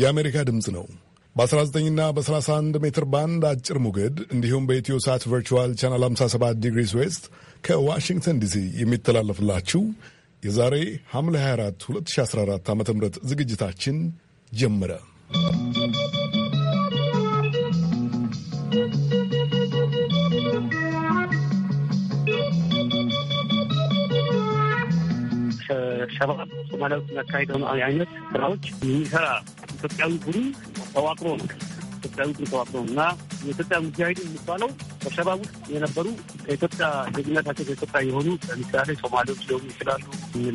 የአሜሪካ ድምፅ ነው። በ19ና በ31 ሜትር ባንድ አጭር ሞገድ እንዲሁም በኢትዮ ሳት ቨርቹዋል ቻናል 57 ዲግሪስ ዌስት ከዋሽንግተን ዲሲ የሚተላለፍላችሁ የዛሬ ሐምሌ 24 2014 ዓ ም ዝግጅታችን ጀመረ። ሸባብ ሶማሊያ ውስጥ የሚያካሄደውን አይነት ስራዎች የሚሰራ ኢትዮጵያዊ ቡድን ተዋቅሮ ነው ኢትዮጵያዊ ተዋት ነው እና የኢትዮጵያ ሙጃሂድን የሚባለው በሸባብ ውስጥ የነበሩ ከኢትዮጵያ ዜግነታቸው ከኢትዮጵያ የሆኑ ለምሳሌ ሶማሌዎች ሊሆኑ ይችላሉ፣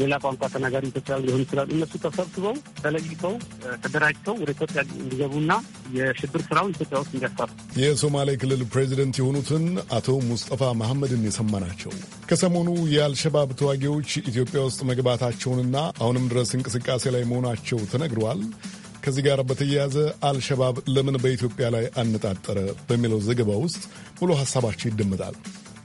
ሌላ ቋንቋ ተናጋሪ ኢትዮጵያ ሊሆኑ ይችላሉ። እነሱ ተሰብስበው ተለይተው ተደራጅተው ወደ ኢትዮጵያ እንዲገቡና የሽብር ስራውን ኢትዮጵያ ውስጥ እንዲያስፋሩ የሶማሌ ክልል ፕሬዚደንት የሆኑትን አቶ ሙስጠፋ መሐመድን የሰማ ናቸው። ከሰሞኑ የአልሸባብ ተዋጊዎች ኢትዮጵያ ውስጥ መግባታቸውንና አሁንም ድረስ እንቅስቃሴ ላይ መሆናቸው ተነግረዋል። ከዚህ ጋር በተያያዘ አልሸባብ ለምን በኢትዮጵያ ላይ አነጣጠረ በሚለው ዘገባ ውስጥ ሙሉ ሐሳባችሁ ይደመጣል።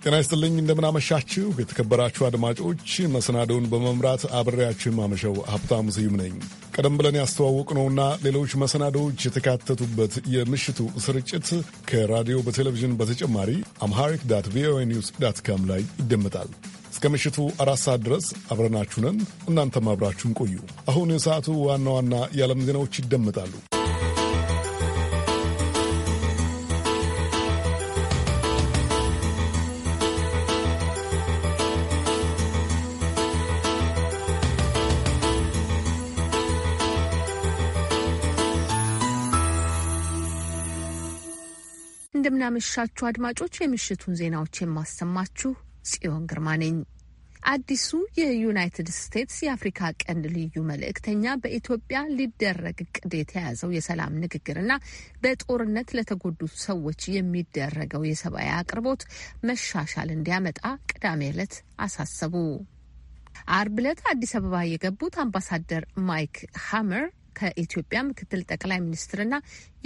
ጤና ይስጥልኝ፣ እንደምናመሻችሁ የተከበራችሁ አድማጮች። መሰናዶውን በመምራት አብሬያችሁ የማመሸው ሀብታሙ ስዩም ነኝ። ቀደም ብለን ያስተዋወቅ ነውና ሌሎች መሰናዶዎች የተካተቱበት የምሽቱ ስርጭት ከራዲዮ በቴሌቪዥን በተጨማሪ አምሃሪክ ዳት ቪኦኤ ኒውስ ዳት ካም ላይ ይደመጣል። እስከ ምሽቱ አራት ሰዓት ድረስ አብረናችሁንን እናንተም አብራችሁን ቆዩ። አሁን የሰዓቱ ዋና ዋና የዓለም ዜናዎች ይደመጣሉ። እንደምናመሻችሁ አድማጮች፣ የምሽቱን ዜናዎች የማሰማችሁ ጽዮን ግርማ ነኝ። አዲሱ የዩናይትድ ስቴትስ የአፍሪካ ቀንድ ልዩ መልእክተኛ በኢትዮጵያ ሊደረግ እቅድ የተያዘው የሰላም ንግግርና በጦርነት ለተጎዱ ሰዎች የሚደረገው የሰብአዊ አቅርቦት መሻሻል እንዲያመጣ ቅዳሜ ዕለት አሳሰቡ። አርብ ዕለት አዲስ አበባ የገቡት አምባሳደር ማይክ ሃመር ከኢትዮጵያ ምክትል ጠቅላይ ሚኒስትርና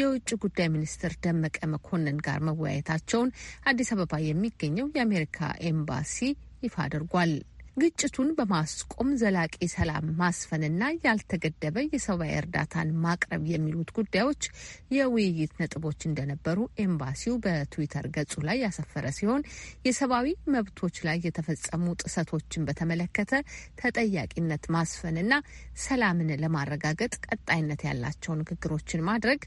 የውጭ ጉዳይ ሚኒስትር ደመቀ መኮንን ጋር መወያየታቸውን አዲስ አበባ የሚገኘው የአሜሪካ ኤምባሲ ይፋ አድርጓል። ግጭቱን በማስቆም ዘላቂ ሰላም ማስፈንና ያልተገደበ የሰብአዊ እርዳታን ማቅረብ የሚሉት ጉዳዮች የውይይት ነጥቦች እንደነበሩ ኤምባሲው በትዊተር ገጹ ላይ ያሰፈረ ሲሆን የሰብአዊ መብቶች ላይ የተፈጸሙ ጥሰቶችን በተመለከተ ተጠያቂነት ማስፈንና ሰላምን ለማረጋገጥ ቀጣይነት ያላቸው ንግግሮችን ማድረግ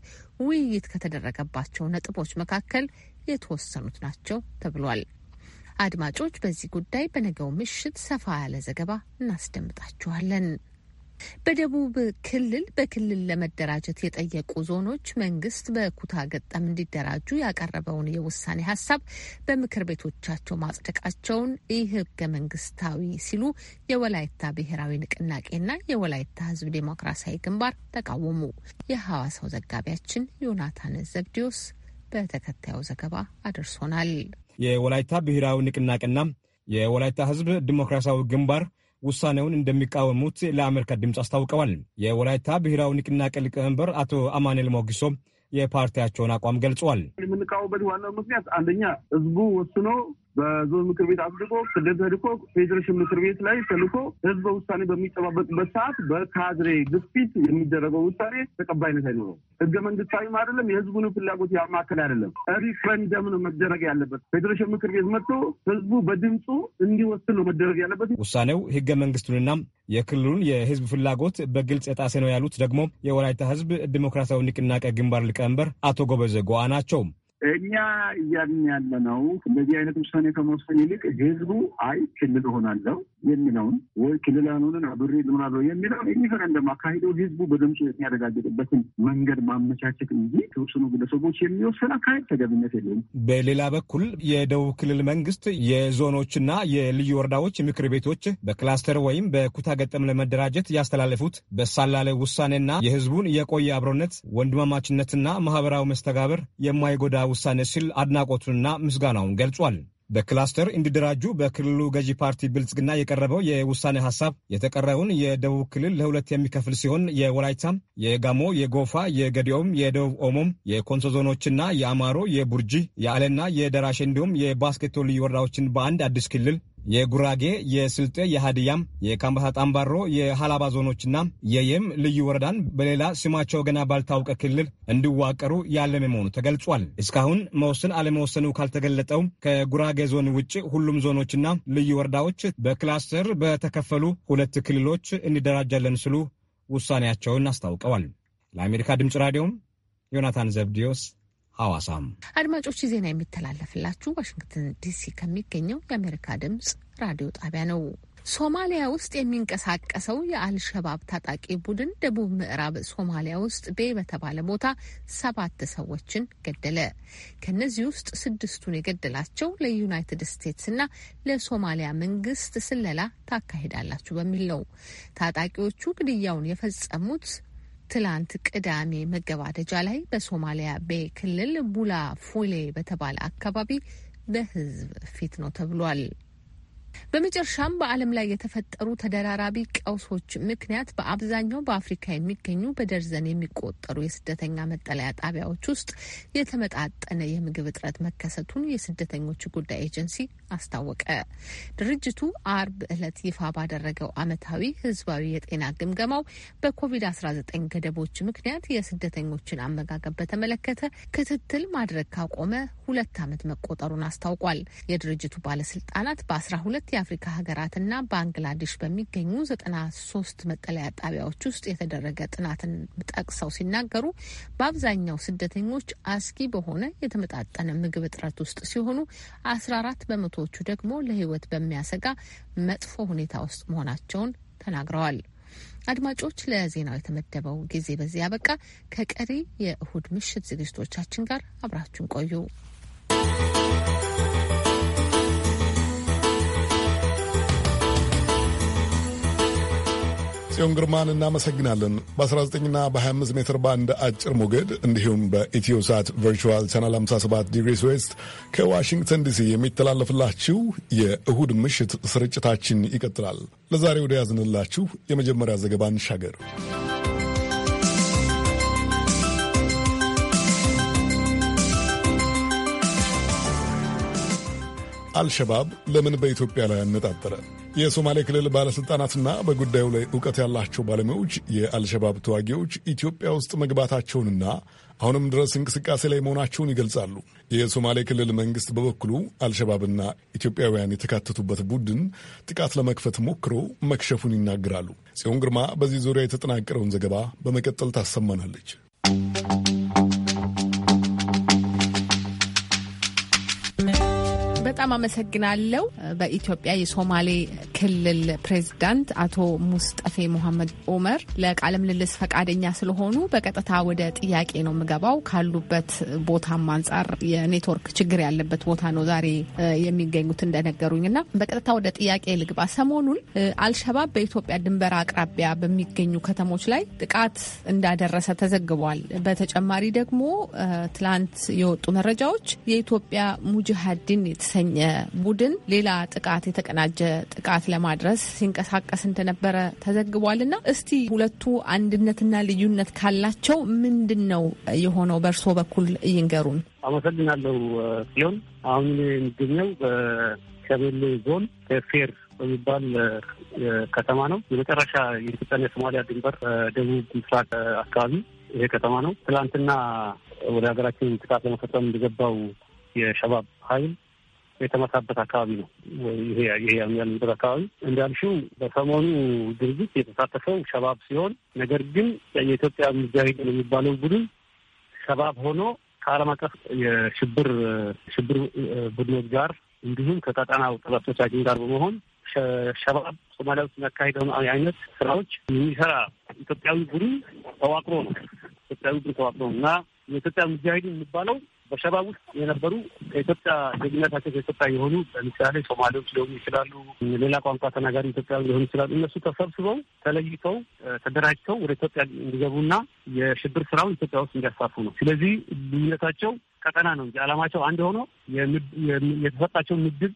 ውይይት ከተደረገባቸው ነጥቦች መካከል የተወሰኑት ናቸው ተብሏል። አድማጮች በዚህ ጉዳይ በነገው ምሽት ሰፋ ያለ ዘገባ እናስደምጣችኋለን። በደቡብ ክልል በክልል ለመደራጀት የጠየቁ ዞኖች መንግስት በኩታ ገጠም እንዲደራጁ ያቀረበውን የውሳኔ ሀሳብ በምክር ቤቶቻቸው ማጽደቃቸውን ይህ ህገ መንግስታዊ ሲሉ የወላይታ ብሔራዊ ንቅናቄና የወላይታ ህዝብ ዴሞክራሲያዊ ግንባር ተቃወሙ። የሐዋሳው ዘጋቢያችን ዮናታን ዘብዲዮስ በተከታዩ ዘገባ አድርሶናል። የወላይታ ብሔራዊ ንቅናቄና የወላይታ ህዝብ ዲሞክራሲያዊ ግንባር ውሳኔውን እንደሚቃወሙት ለአሜሪካ ድምፅ አስታውቀዋል። የወላይታ ብሔራዊ ንቅናቄ ሊቀመንበር አቶ አማኑኤል ሞጊሶ የፓርቲያቸውን አቋም ገልጸዋል። የምንቃወበት ዋናው ምክንያት አንደኛ ህዝቡ ወስኖ በዞን ምክር ቤት አስልቆ ክልል ተልኮ ፌዴሬሽን ምክር ቤት ላይ ተልኮ ህዝበ ውሳኔ በሚጠባበቅበት ሰዓት በካድሬ ግፊት የሚደረገው ውሳኔ ተቀባይነት አይኖረው። ህገ መንግስታዊም አይደለም፣ የህዝቡን ፍላጎት ያማከል አይደለም። ሪፍረንደም ነው መደረግ ያለበት። ፌዴሬሽን ምክር ቤት መጥቶ ህዝቡ በድምፁ እንዲወስን ነው መደረግ ያለበት። ውሳኔው ህገ መንግስቱንና የክልሉን የህዝብ ፍላጎት በግልጽ የጣሴ ነው ያሉት ደግሞ የወላይታ ህዝብ ዲሞክራሲያዊ ንቅናቄ ግንባር ሊቀመንበር አቶ ጎበዜ ናቸው። እኛ እያልን ያለ ነው። እንደዚህ አይነት ውሳኔ ከመወሰን ይልቅ ህዝቡ አይ ክልል ሆናለው የሚለውን ወይ ክልል አንሆንን አብሬ ልሆናለሁ የሚለውን ሪፈረንደም አካሂዶ ህዝቡ በድምፁ የሚያረጋግጥበትን መንገድ ማመቻቸት እንጂ የተወሰኑ ግለሰቦች የሚወሰን አካሄድ ተገቢነት የለውም። በሌላ በኩል የደቡብ ክልል መንግስት የዞኖችና የልዩ ወረዳዎች ምክር ቤቶች በክላስተር ወይም በኩታ ገጠም ለመደራጀት ያስተላለፉት በሳላለ ውሳኔና የህዝቡን የቆየ አብሮነት ወንድማማችነትና ማህበራዊ መስተጋብር የማይጎዳ ውሳኔ ሲል አድናቆቱንና ምስጋናውን ገልጿል። በክላስተር እንዲደራጁ በክልሉ ገዢ ፓርቲ ብልጽግና የቀረበው የውሳኔ ሀሳብ የተቀረውን የደቡብ ክልል ለሁለት የሚከፍል ሲሆን የወላይታም፣ የጋሞ፣ የጎፋ፣ የገዲኦም፣ የደቡብ ኦሞም፣ የኮንሶ ዞኖችና የአማሮ፣ የቡርጂ፣ የአለና፣ የደራሽ እንዲሁም የባስኬቶ ልዩ ወረዳዎችን በአንድ አዲስ ክልል የጉራጌ፣ የስልጤ፣ የሀዲያም፣ የካምባታ ጣምባሮ፣ የሀላባ ዞኖችና የየም ልዩ ወረዳን በሌላ ስማቸው ገና ባልታወቀ ክልል እንዲዋቀሩ ያለመ መሆኑ ተገልጿል። እስካሁን መወሰን አለመወሰኑ ካልተገለጠው ከጉራጌ ዞን ውጭ ሁሉም ዞኖችና ልዩ ወረዳዎች በክላስተር በተከፈሉ ሁለት ክልሎች እንደራጃለን ስሉ ውሳኔያቸውን አስታውቀዋል። ለአሜሪካ ድምፅ ራዲዮም ዮናታን ዘብዲዮስ ሐዋሳም። አድማጮች ዜና የሚተላለፍላችሁ ዋሽንግተን ዲሲ ከሚገኘው የአሜሪካ ድምጽ ራዲዮ ጣቢያ ነው። ሶማሊያ ውስጥ የሚንቀሳቀሰው የአልሸባብ ታጣቂ ቡድን ደቡብ ምዕራብ ሶማሊያ ውስጥ ቤ በተባለ ቦታ ሰባት ሰዎችን ገደለ። ከእነዚህ ውስጥ ስድስቱን የገደላቸው ለዩናይትድ ስቴትስና ለሶማሊያ መንግስት ስለላ ታካሂዳላችሁ በሚል ነው። ታጣቂዎቹ ግድያውን የፈጸሙት ትላንት ቅዳሜ መገባደጃ ላይ በሶማሊያ ቤ ክልል ቡላ ፎሌ በተባለ አካባቢ በህዝብ ፊት ነው ተብሏል። በመጨረሻም በዓለም ላይ የተፈጠሩ ተደራራቢ ቀውሶች ምክንያት በአብዛኛው በአፍሪካ የሚገኙ በደርዘን የሚቆጠሩ የስደተኛ መጠለያ ጣቢያዎች ውስጥ የተመጣጠነ የምግብ እጥረት መከሰቱን የስደተኞች ጉዳይ ኤጀንሲ አስታወቀ። ድርጅቱ አርብ ዕለት ይፋ ባደረገው ዓመታዊ ህዝባዊ የጤና ግምገማው በኮቪድ-19 ገደቦች ምክንያት የስደተኞችን አመጋገብ በተመለከተ ክትትል ማድረግ ካቆመ ሁለት ዓመት መቆጠሩን አስታውቋል። የድርጅቱ ባለስልጣናት በ12 በሁለት የአፍሪካ ሀገራትና ባንግላዴሽ በሚገኙ ዘጠና ሶስት መጠለያ ጣቢያዎች ውስጥ የተደረገ ጥናትን ጠቅሰው ሲናገሩ በአብዛኛው ስደተኞች አስጊ በሆነ የተመጣጠነ ምግብ እጥረት ውስጥ ሲሆኑ አስራ አራት በመቶዎቹ ደግሞ ለሕይወት በሚያሰጋ መጥፎ ሁኔታ ውስጥ መሆናቸውን ተናግረዋል። አድማጮች፣ ለዜናው የተመደበው ጊዜ በዚህ ያበቃ። ከቀሪ የእሁድ ምሽት ዝግጅቶቻችን ጋር አብራችሁን ቆዩ። ጽዮን ግርማን እናመሰግናለን። በ19ና በ25 ሜትር ባንድ አጭር ሞገድ እንዲሁም በኢትዮ ሳት ቨርቹዋል ቻናል 57 ዲግሪስ ዌስት ከዋሽንግተን ዲሲ የሚተላለፍላችሁ የእሁድ ምሽት ስርጭታችን ይቀጥላል። ለዛሬ ወደ ያዝንላችሁ የመጀመሪያ ዘገባ እንሻገር። አልሸባብ ለምን በኢትዮጵያ ላይ አነጣጠረ? የሶማሌ ክልል ባለሥልጣናትና በጉዳዩ ላይ እውቀት ያላቸው ባለሙያዎች የአልሸባብ ተዋጊዎች ኢትዮጵያ ውስጥ መግባታቸውንና አሁንም ድረስ እንቅስቃሴ ላይ መሆናቸውን ይገልጻሉ። የሶማሌ ክልል መንግሥት በበኩሉ አልሸባብና ኢትዮጵያውያን የተካተቱበት ቡድን ጥቃት ለመክፈት ሞክሮ መክሸፉን ይናገራሉ። ጽዮን ግርማ በዚህ ዙሪያ የተጠናቀረውን ዘገባ በመቀጠል ታሰማናለች። በጣም አመሰግናለሁ። በኢትዮጵያ የሶማሌ ክልል ፕሬዝዳንት አቶ ሙስጠፌ ሙሐመድ ኦመር ለቃለ ምልልስ ፈቃደኛ ስለሆኑ በቀጥታ ወደ ጥያቄ ነው የምገባው። ካሉበት ቦታም አንጻር የኔትወርክ ችግር ያለበት ቦታ ነው ዛሬ የሚገኙት እንደነገሩኝ እና በቀጥታ ወደ ጥያቄ ልግባ። ሰሞኑን አልሸባብ በኢትዮጵያ ድንበር አቅራቢያ በሚገኙ ከተሞች ላይ ጥቃት እንዳደረሰ ተዘግቧል። በተጨማሪ ደግሞ ትላንት የወጡ መረጃዎች የኢትዮጵያ ሙጅሃዲን የተሰኘ ቡድን ሌላ ጥቃት የተቀናጀ ጥቃት ለማድረስ ሲንቀሳቀስ እንደነበረ ተዘግቧልና እስቲ ሁለቱ አንድነትና ልዩነት ካላቸው ምንድን ነው የሆነው? በእርሶ በኩል ይንገሩን። አመሰግናለሁ ሲሆን አሁን የሚገኘው በሸቤሌ ዞን ፌር የሚባል ከተማ ነው። የመጨረሻ የኢትዮጵያና የሶማሊያ ድንበር ደቡብ ምስራቅ አካባቢ ይሄ ከተማ ነው። ትላንትና ወደ ሀገራችን ጥቃት ለመፈጸም እንደገባው የሸባብ ኃይል የተመታበት አካባቢ ነው። ወይ ይሄ ያለንበት አካባቢ እንዳልሽው በሰሞኑ ድርጊት የተሳተፈው ሸባብ ሲሆን ነገር ግን የኢትዮጵያ ሙጃሂድን የሚባለው ቡድን ሸባብ ሆኖ ከዓለም አቀፍ የሽብር ሽብር ቡድኖች ጋር እንዲሁም ከቀጠናው ጠላቶቻችን ጋር በመሆን ሸባብ ሶማሊያ ውስጥ የሚያካሂደውን አይነት ስራዎች የሚሰራ ኢትዮጵያዊ ቡድን ተዋቅሮ ነው ኢትዮጵያዊ ቡድን ተዋቅሮ ነው እና የኢትዮጵያ ሙጃሂድ የሚባለው በሸባብ ውስጥ የነበሩ ከኢትዮጵያ ዜግነታቸው ከኢትዮጵያ የሆኑ ለምሳሌ ሶማሌዎች ሊሆኑ ይችላሉ፣ ሌላ ቋንቋ ተናጋሪ ኢትዮጵያ ሊሆኑ ይችላሉ። እነሱ ተሰብስበው ተለይተው ተደራጅተው ወደ ኢትዮጵያ እንዲገቡና የሽብር ስራውን ኢትዮጵያ ውስጥ እንዲያስፋፉ ነው። ስለዚህ ልዩነታቸው ቀጠና ነው እንጂ አላማቸው አንድ ሆኖ የተሰጣቸው ምድብ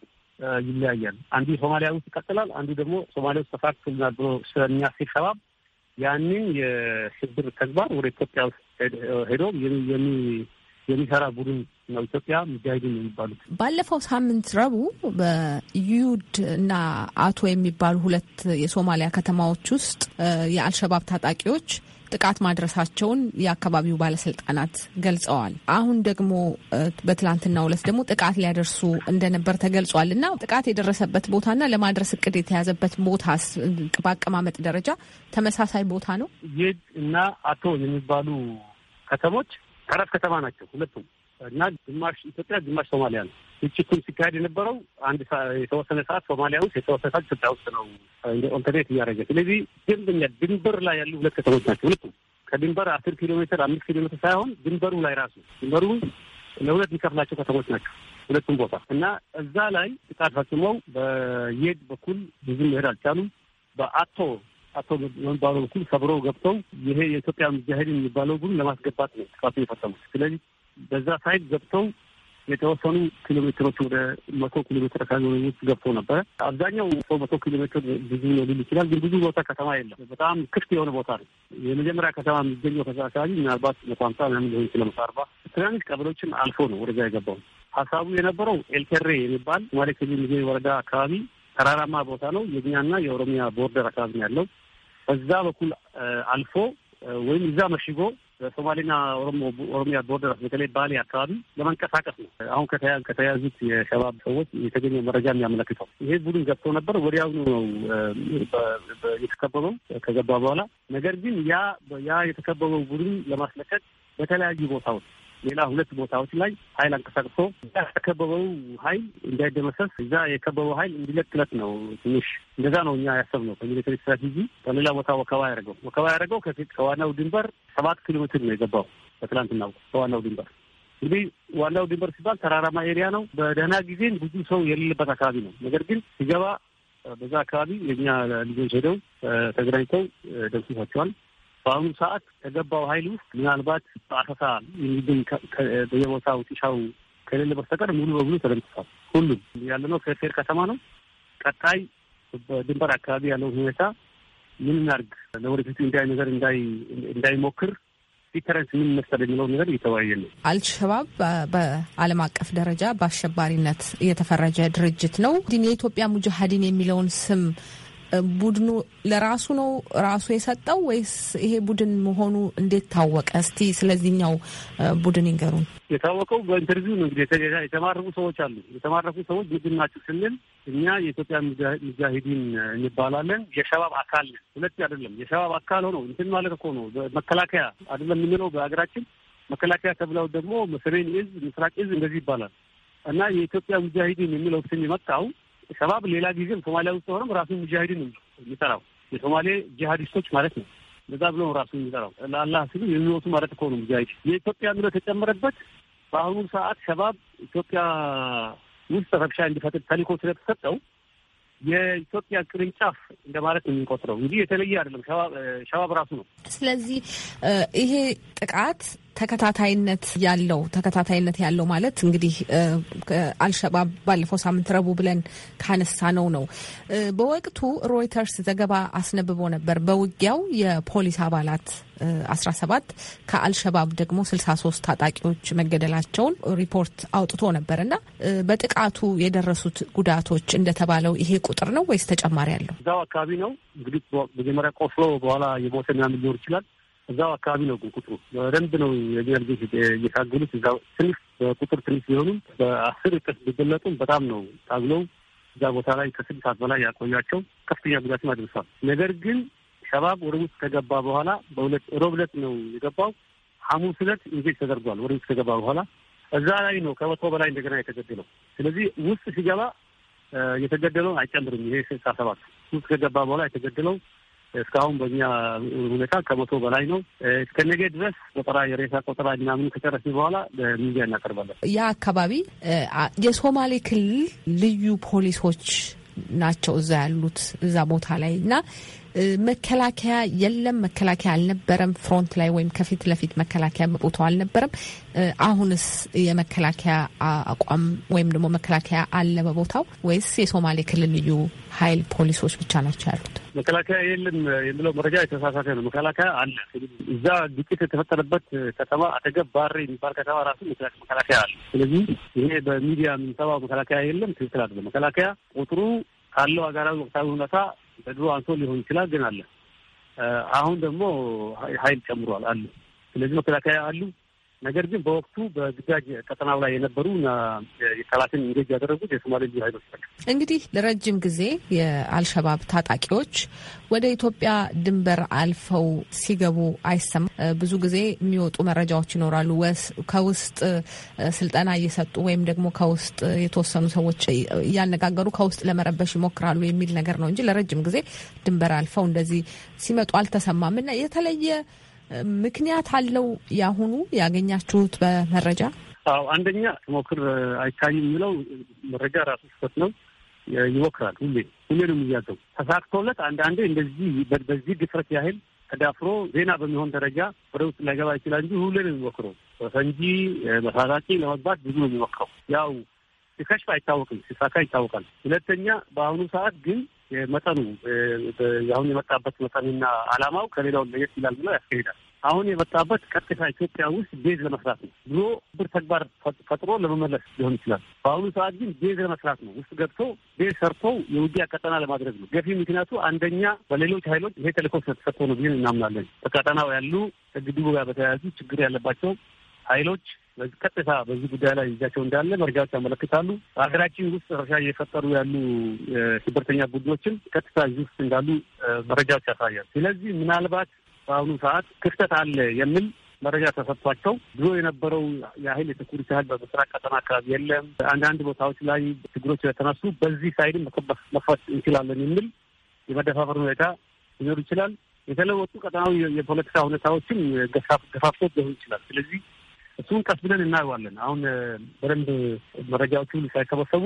ይለያያል። አንዱ የሶማሊያ ውስጥ ይቀጥላል፣ አንዱ ደግሞ ሶማሊያ ውስጥ ተሳትፎልናል ብሎ ስለሚያስብ ሸባብ ያንን የሽብር ተግባር ወደ ኢትዮጵያ ውስጥ ሄዶ የሚሰራ ቡድን ነው። ኢትዮጵያ ሙጃሂዲን የሚባሉት ባለፈው ሳምንት ረቡዕ በዩድ እና አቶ የሚባሉ ሁለት የሶማሊያ ከተማዎች ውስጥ የአልሸባብ ታጣቂዎች ጥቃት ማድረሳቸውን የአካባቢው ባለስልጣናት ገልጸዋል። አሁን ደግሞ በትላንትናው ዕለት ደግሞ ጥቃት ሊያደርሱ እንደነበር ተገልጿል እና ጥቃት የደረሰበት ቦታና ለማድረስ እቅድ የተያዘበት ቦታ በአቀማመጥ ደረጃ ተመሳሳይ ቦታ ነው። ይድ እና አቶ የሚባሉ ከተሞች ከራስ ከተማ ናቸው ሁለቱም እና ግማሽ ኢትዮጵያ ግማሽ ሶማሊያ ነው። ግጭቱን ሲካሄድ የነበረው አንድ የተወሰነ ሰዓት ሶማሊያ ውስጥ የተወሰነ ሰዓት ኢትዮጵያ ውስጥ ነው ኦልተርኔት እያደረገ ስለዚህ ደንበኛ ድንበር ላይ ያሉ ሁለት ከተሞች ናቸው ሁለቱም ከድንበር አስር ኪሎ ሜትር አምስት ኪሎ ሜትር ሳይሆን ድንበሩ ላይ ራሱ ድንበሩ ለሁለት የሚከፍላቸው ከተሞች ናቸው ሁለቱም ቦታ እና እዛ ላይ ጥቃት ፈጽመው በየድ በኩል ብዙም መሄድ አልቻሉም። በአቶ አቶ ወንባሮ በኩል ሰብረው ገብተው ይሄ የኢትዮጵያ ሙጃሂድ የሚባለው ቡድን ለማስገባት ነው ጥቃቱ የፈጸሙት። ስለዚህ በዛ ሳይድ ገብተው የተወሰኑ ኪሎ ሜትሮች ወደ መቶ ኪሎ ሜትር አካባቢ ወደ ውስጥ ገብቶ ነበረ። አብዛኛው ሰው መቶ ኪሎ ሜትር ብዙ ነው ሊል ይችላል፣ ግን ብዙ ቦታ ከተማ የለም። በጣም ክፍት የሆነ ቦታ ነው። የመጀመሪያ ከተማ የሚገኘው ከዛ አካባቢ ምናልባት መቶ ሀምሳ ምናምን ሊሆን ይችላል፣ መቶ አርባ ትናንሽ ቀበሌዎችን አልፎ ነው ወደዛ የገባው። ሀሳቡ የነበረው ኤልከሬ የሚባል ማሌ ክልል የሚገኝ ወረዳ አካባቢ ተራራማ ቦታ ነው። የኛና የኦሮሚያ ቦርደር አካባቢ ያለው በዛ በኩል አልፎ ወይም እዛ መሽጎ በሶማሌና ኦሮሚያ ቦርደር በተለይ ባሌ አካባቢ ለመንቀሳቀስ ነው። አሁን ከተያዙት የሸባብ ሰዎች የተገኘ መረጃ የሚያመለክተው ይሄ ቡድን ገብተው ነበር። ወዲያውኑ ነው የተከበበው ከገባ በኋላ ነገር ግን ያ ያ የተከበበው ቡድን ለማስለቀቅ በተለያዩ ቦታዎች ሌላ ሁለት ቦታዎች ላይ ኃይል አንቀሳቅሶ ያከበበው ኃይል እንዳይደመሰስ እዛ የከበበው ኃይል እንዲለቅለት ነው። ትንሽ እንደዛ ነው እኛ ያሰብነው በሚሊተሪ ስትራቴጂ። ከሌላ ቦታ ወከባ ያደረገው ወከባ ያደረገው ከዋናው ድንበር ሰባት ኪሎ ሜትር ነው የገባው በትላንትናው ከዋናው ድንበር እንግዲህ ዋናው ድንበር ሲባል ተራራማ ኤሪያ ነው። በደህና ጊዜም ብዙ ሰው የሌለበት አካባቢ ነው። ነገር ግን ሲገባ በዛ አካባቢ የእኛ ልጆች ሄደው ተገናኝተው ደምስሷቸዋል። በአሁኑ ሰዓት ከገባው ኃይል ውስጥ ምናልባት በአሰሳ የሚገኝ በየቦታው ጢሻው ከሌለ በስተቀር ሙሉ በሙሉ ተደምስሷል። ሁሉም ያለነው ፌርፌር ከተማ ነው። ቀጣይ በድንበር አካባቢ ያለው ሁኔታ ምን እናድርግ፣ ለወደፊቱ እንዲህ ነገር እንዳይሞክር ዲተረንስ ምን መሰል የሚለው ነገር እየተወያየ ነው። አልሸባብ በዓለም አቀፍ ደረጃ በአሸባሪነት የተፈረጀ ድርጅት ነው። የኢትዮጵያ ሙጃሀዲን የሚለውን ስም ቡድኑ ለራሱ ነው ራሱ የሰጠው ወይስ ይሄ ቡድን መሆኑ እንዴት ታወቀ? እስቲ ስለዚህኛው ቡድን ይንገሩን። የታወቀው በኢንተርቪው ነው። እንግዲህ የተማረኩ ሰዎች አሉ። የተማረኩ ሰዎች ምንድን ናቸው ስንል እኛ የኢትዮጵያ ሙጃሂዲን እንባላለን። የሸባብ አካል ነን። ሁለት አይደለም፣ የሸባብ አካል ሆኖ እንትን ማለት እኮ ነው። መከላከያ አይደለም የምንለው በሀገራችን መከላከያ ተብለው ደግሞ ሰሜን እዝ፣ ምስራቅ እዝ እንደዚህ ይባላል እና የኢትዮጵያ ሙጃሂዲን የሚለው ስም የመጣው ሸባብ ሌላ ጊዜም ሶማሊያ ውስጥ ሆኖም ራሱ ሙጃሂድን የሚጠራው የሶማሌ ጂሃዲስቶች ማለት ነው። እዛ ብሎ ራሱ የሚጠራው ለአላህ ሲሉ የሚወቱ ማለት እኮ ነው ሙጃሂድ። የኢትዮጵያ ምሎ ተጨመረበት። በአሁኑ ሰዓት ሸባብ ኢትዮጵያ ውስጥ ረብሻ እንዲፈጥር ተልእኮ ስለተሰጠው የኢትዮጵያ ቅርንጫፍ እንደማለት ነው የምንቆጥረው እንጂ የተለየ አይደለም። ሸባብ ራሱ ነው። ስለዚህ ይሄ ጥቃት ተከታታይነት ያለው ተከታታይነት ያለው ማለት እንግዲህ አልሸባብ ባለፈው ሳምንት ረቡዕ ብለን ካነሳ ነው ነው በወቅቱ ሮይተርስ ዘገባ አስነብቦ ነበር። በውጊያው የፖሊስ አባላት 17 ከአልሸባብ ደግሞ 63 ታጣቂዎች መገደላቸውን ሪፖርት አውጥቶ ነበር እና በጥቃቱ የደረሱት ጉዳቶች እንደተባለው ይሄ ቁጥር ነው ወይስ ተጨማሪ አለው? እዛው አካባቢ ነው እንግዲህ መጀመሪያ ቆስሎ በኋላ የሞተና ሊኖር ይችላል እዛው አካባቢ ነው። ግን ቁጥሩ በደንብ ነው የብሔር ልጆች እየታገሉት እዛው ትንሽ በቁጥር ትንሽ ቢሆኑም በአስር እጥፍ ቢገለጡም በጣም ነው ታግለው እዛ ቦታ ላይ ከስድስት ሰዓት በላይ ያቆያቸው ከፍተኛ ጉዳትም አድርሷል። ነገር ግን ሸባብ ወደ ውስጥ ከገባ በኋላ በሁለት ሮብ ዕለት ነው የገባው። ሐሙስ ዕለት እንጌጅ ተደርጓል። ወደ ውስጥ ከገባ በኋላ እዛ ላይ ነው ከመቶ በላይ እንደገና የተገደለው። ስለዚህ ውስጥ ሲገባ የተገደለው አይጨምርም። ይሄ ስልሳ ሰባት ውስጥ ከገባ በኋላ የተገደለው እስካሁን በእኛ ሁኔታ ከመቶ በላይ ነው። እስከነገ ድረስ ቆጠራ የሬሳ ቆጠራ ምናምን ከጨረስ በኋላ ሚዲያ እናቀርባለን። ያ አካባቢ የሶማሌ ክልል ልዩ ፖሊሶች ናቸው እዛ ያሉት እዛ ቦታ ላይ እና መከላከያ የለም፣ መከላከያ አልነበረም፣ ፍሮንት ላይ ወይም ከፊት ለፊት መከላከያ ቦታው አልነበረም። አሁንስ የመከላከያ አቋም ወይም ደግሞ መከላከያ አለ በቦታው ወይስ የሶማሌ ክልል ልዩ ኃይል ፖሊሶች ብቻ ናቸው ያሉት? መከላከያ የለም የሚለው መረጃ የተሳሳተ ነው። መከላከያ አለ። እዛ ግጭት የተፈጠረበት ከተማ አጠገብ ባሪ የሚባል ከተማ ራሱ መከላከያ አለ። ስለዚህ ይሄ በሚዲያ የምንሰማው መከላከያ የለም ትክክል አይደለም። መከላከያ ቁጥሩ ካለው ሀገራዊ ወቅታዊ ሁኔታ በድሮ አንሶ ሊሆን ይችላል፣ ግን አለ። አሁን ደግሞ ሀይል ጨምሯል አሉ። ስለዚህ መከላከያ አሉ፣ ነገር ግን በወቅቱ በግዳጅ ቀጠናው ላይ የነበሩ የጠላትን እንጌጅ ያደረጉት የሶማሌ ልዩ ኃይሎች ናቸው። እንግዲህ ለረጅም ጊዜ የአልሸባብ ታጣቂዎች ወደ ኢትዮጵያ ድንበር አልፈው ሲገቡ አይሰማም። ብዙ ጊዜ የሚወጡ መረጃዎች ይኖራሉ። ከውስጥ ስልጠና እየሰጡ ወይም ደግሞ ከውስጥ የተወሰኑ ሰዎች እያነጋገሩ ከውስጥ ለመረበሽ ይሞክራሉ የሚል ነገር ነው እንጂ ለረጅም ጊዜ ድንበር አልፈው እንደዚህ ሲመጡ አልተሰማም እና የተለየ ምክንያት አለው ያሁኑ ያገኛችሁት በመረጃ? አዎ አንደኛ ሞክር አይታይም የሚለው መረጃ ራሱ ስህተት ነው። ይሞክራል ሁሌ ሁሌ ነው የሚያዘው ተሳክቶለት፣ አንዳንዴ እንደዚህ በዚህ ድፍረት ያህል ተዳፍሮ ዜና በሚሆን ደረጃ ወደ ውስጥ ላይገባ ይችላል እንጂ ሁሌ ነው የሚሞክረው። በፈንጂ በታጣቂ ለመግባት ብዙ ነው የሚሞክረው። ያው ሲከሽፍ አይታወቅም፣ ሲሳካ ይታወቃል። ሁለተኛ በአሁኑ ሰዓት ግን መጠኑ አሁን የመጣበት መጠኑና ዓላማው ከሌላውን ለየት ይላል ብሎ ያስኬዳል። አሁን የመጣበት ቀጥታ ኢትዮጵያ ውስጥ ቤዝ ለመስራት ነው። ብሎ ብር ተግባር ፈጥሮ ለመመለስ ሊሆን ይችላል። በአሁኑ ሰዓት ግን ቤዝ ለመስራት ነው። ውስጥ ገብቶ ቤዝ ሰርቶ የውጊያ ቀጠና ለማድረግ ነው። ገፊ ምክንያቱ አንደኛ በሌሎች ኃይሎች ይሄ ተልዕኮ ስለተሰጠው ነው ብዬ እናምናለን። በቀጠናው ያሉ ከግድቡ ጋር በተያያዙ ችግር ያለባቸው ኃይሎች ቀጥታ በዚህ ጉዳይ ላይ እጃቸው እንዳለ መረጃዎች ያመለክታሉ። ሀገራችን ውስጥ ረብሻ እየፈጠሩ ያሉ ሽብርተኛ ቡድኖችን ቀጥታ እዚህ ውስጥ እንዳሉ መረጃዎች ያሳያል። ስለዚህ ምናልባት በአሁኑ ሰዓት ክፍተት አለ የሚል መረጃ ተሰጥቷቸው ድሮ የነበረው የኃይል የሴኩሪቲ ኃይል በምስራቅ ቀጠና አካባቢ የለም፣ አንዳንድ ቦታዎች ላይ ችግሮች ስለተነሱ በዚህ ሳይድም መፋት እንችላለን የሚል የመደፋፈር ሁኔታ ሊኖር ይችላል። የተለወጡ ቀጠናዊ የፖለቲካ ሁኔታዎችም ገፋፍቶት ሊሆን ይችላል። ስለዚህ እሱን ቀስ ብለን እናየዋለን። አሁን በደንብ መረጃዎቹ ሳይሰበሰቡ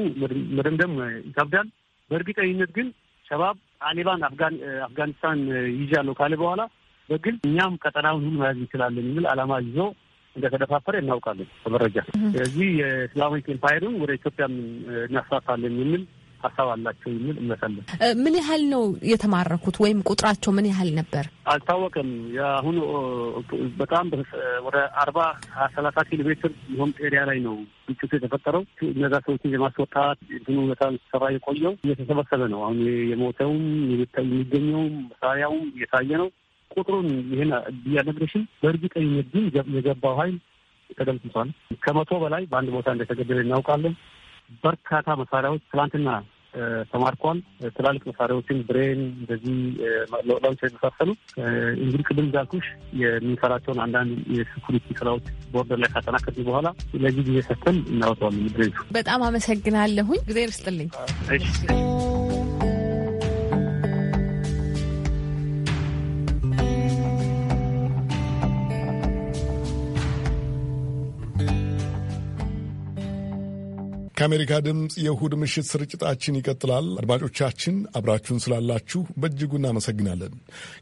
መደምደም ይከብዳል። በእርግጠኝነት ግን ሸባብ ጣሊባን አፍጋኒስታን ይዣለሁ ካለ በኋላ በግል እኛም ቀጠናውን ሁሉ መያዝ እንችላለን የሚል አላማ ይዞ እንደተደፋፈረ እናውቃለን በመረጃ። ስለዚህ የእስላማዊ ኤምፓየሩን ወደ ኢትዮጵያ እናስፋፋለን የሚል ሀሳብ አላቸው የሚል እምነት ምን ያህል ነው የተማረኩት ወይም ቁጥራቸው ምን ያህል ነበር አልታወቀም። የአሁኑ በጣም ወደ አርባ ሰላሳ ኪሎ ሜትር የሆን ኤሪያ ላይ ነው ግጭቱ የተፈጠረው። እነዛ ሰዎችን የማስወጣት ድኑ በጣም ሰራ የቆየው እየተሰበሰበ ነው። አሁን የሞተውም የሚገኘውም መሳሪያውም እየታየ ነው። ቁጥሩን ይህን ቢያነግርሽም በእርግጠኝነት ግን የገባው ሀይል ተገልጽቷል። ከመቶ በላይ በአንድ ቦታ እንደተገደለ እናውቃለን። በርካታ መሳሪያዎች ትላንትና ተማርኳል። ትላልቅ መሳሪያዎችን ብሬን፣ እንደዚህ ላውንቸር የመሳሰሉ እንግዲህ ቅድም እንዳልኩሽ የሚሰራቸውን አንዳንድ የሴኩሪቲ ስራዎች ቦርደር ላይ ካጠናከርን በኋላ ለዚህ ጊዜ ሰተን እናወጣዋለን። በጣም አመሰግናለሁኝ። ጊዜ ይርስጥልኝ። ከአሜሪካ ድምፅ የእሁድ ምሽት ስርጭታችን ይቀጥላል። አድማጮቻችን አብራችሁን ስላላችሁ በእጅጉ እናመሰግናለን።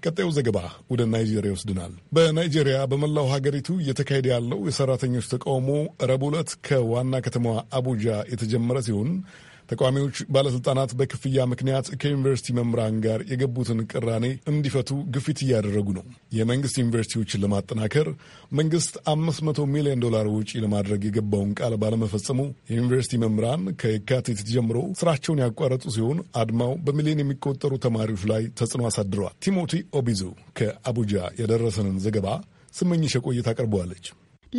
ቀጣዩ ዘገባ ወደ ናይጄሪያ ይወስድናል። በናይጄሪያ በመላው ሀገሪቱ እየተካሄደ ያለው የሰራተኞች ተቃውሞ ረቡዕ ዕለት ከዋና ከተማዋ አቡጃ የተጀመረ ሲሆን ተቃዋሚዎች ባለስልጣናት በክፍያ ምክንያት ከዩኒቨርሲቲ መምህራን ጋር የገቡትን ቅራኔ እንዲፈቱ ግፊት እያደረጉ ነው። የመንግስት ዩኒቨርሲቲዎችን ለማጠናከር መንግስት 500 ሚሊዮን ዶላር ውጪ ለማድረግ የገባውን ቃል ባለመፈጸሙ የዩኒቨርሲቲ መምህራን ከየካቲት ጀምሮ ስራቸውን ያቋረጡ ሲሆን አድማው በሚሊዮን የሚቆጠሩ ተማሪዎች ላይ ተጽዕኖ አሳድረዋል። ቲሞቲ ኦቢዞ ከአቡጃ የደረሰንን ዘገባ ስመኝሽ አቅርበዋለች።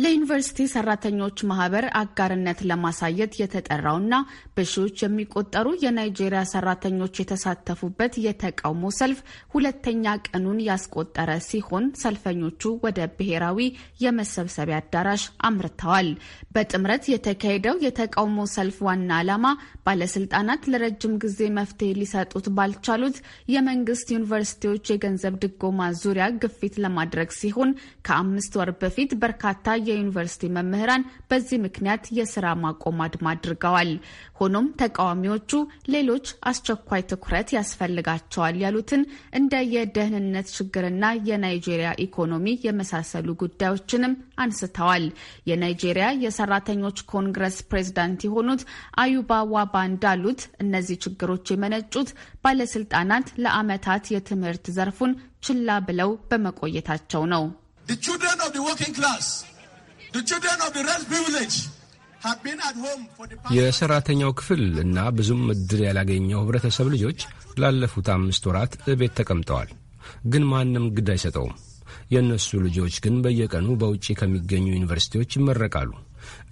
ለዩኒቨርሲቲ ሰራተኞች ማህበር አጋርነት ለማሳየት የተጠራውና በሺዎች የሚቆጠሩ የናይጄሪያ ሰራተኞች የተሳተፉበት የተቃውሞ ሰልፍ ሁለተኛ ቀኑን ያስቆጠረ ሲሆን ሰልፈኞቹ ወደ ብሔራዊ የመሰብሰቢያ አዳራሽ አምርተዋል። በጥምረት የተካሄደው የተቃውሞ ሰልፍ ዋና ዓላማ ባለስልጣናት ለረጅም ጊዜ መፍትሄ ሊሰጡት ባልቻሉት የመንግስት ዩኒቨርሲቲዎች የገንዘብ ድጎማ ዙሪያ ግፊት ለማድረግ ሲሆን ከአምስት ወር በፊት በርካታ የዩኒቨርሲቲ መምህራን በዚህ ምክንያት የስራ ማቆም አድማ አድርገዋል። ሆኖም ተቃዋሚዎቹ ሌሎች አስቸኳይ ትኩረት ያስፈልጋቸዋል ያሉትን እንደ የደህንነት ችግርና የናይጄሪያ ኢኮኖሚ የመሳሰሉ ጉዳዮችንም አንስተዋል። የናይጄሪያ የሰራተኞች ኮንግረስ ፕሬዝዳንት የሆኑት አዩባ ዋባ እንዳሉት እነዚህ ችግሮች የመነጩት ባለስልጣናት ለዓመታት የትምህርት ዘርፉን ችላ ብለው በመቆየታቸው ነው። የሰራተኛው ክፍል እና ብዙም እድል ያላገኘው ህብረተሰብ ልጆች ላለፉት አምስት ወራት እቤት ተቀምጠዋል። ግን ማንም ግድ አይሰጠውም። የእነሱ ልጆች ግን በየቀኑ በውጭ ከሚገኙ ዩኒቨርሲቲዎች ይመረቃሉ።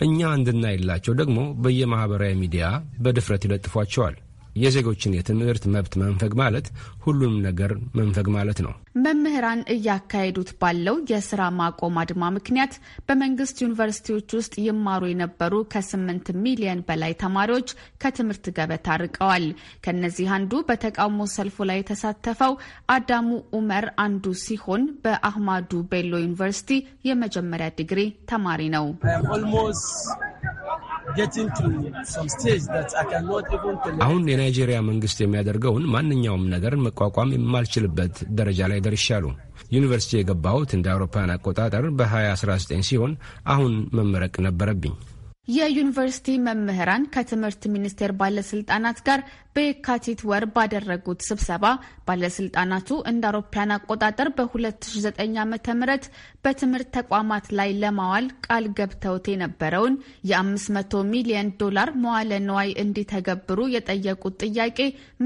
እኛ አንድና የላቸው ደግሞ በየማኅበራዊ ሚዲያ በድፍረት ይለጥፏቸዋል። የዜጎችን የትምህርት መብት መንፈግ ማለት ሁሉንም ነገር መንፈግ ማለት ነው። መምህራን እያካሄዱት ባለው የስራ ማቆም አድማ ምክንያት በመንግስት ዩኒቨርሲቲዎች ውስጥ ይማሩ የነበሩ ከስምንት ሚሊየን በላይ ተማሪዎች ከትምህርት ገበታ ርቀዋል። ከነዚህ አንዱ በተቃውሞ ሰልፉ ላይ የተሳተፈው አዳሙ ኡመር አንዱ ሲሆን በአህማዱ ቤሎ ዩኒቨርሲቲ የመጀመሪያ ዲግሪ ተማሪ ነው። አሁን የናይጄሪያ መንግስት የሚያደርገውን ማንኛውም ነገር መቋቋም የማልችልበት ደረጃ ላይ ደርሻሉ። ዩኒቨርሲቲ የገባሁት እንደ አውሮፓውያን አቆጣጠር በ2019 ሲሆን አሁን መመረቅ ነበረብኝ። የዩኒቨርሲቲ መምህራን ከትምህርት ሚኒስቴር ባለስልጣናት ጋር በየካቲት ወር ባደረጉት ስብሰባ ባለስልጣናቱ እንደ አውሮፓያን አቆጣጠር በ2009 ዓ ም በትምህርት ተቋማት ላይ ለማዋል ቃል ገብተውት የነበረውን የ500 ሚሊዮን ዶላር መዋለ ንዋይ እንዲተገብሩ የጠየቁት ጥያቄ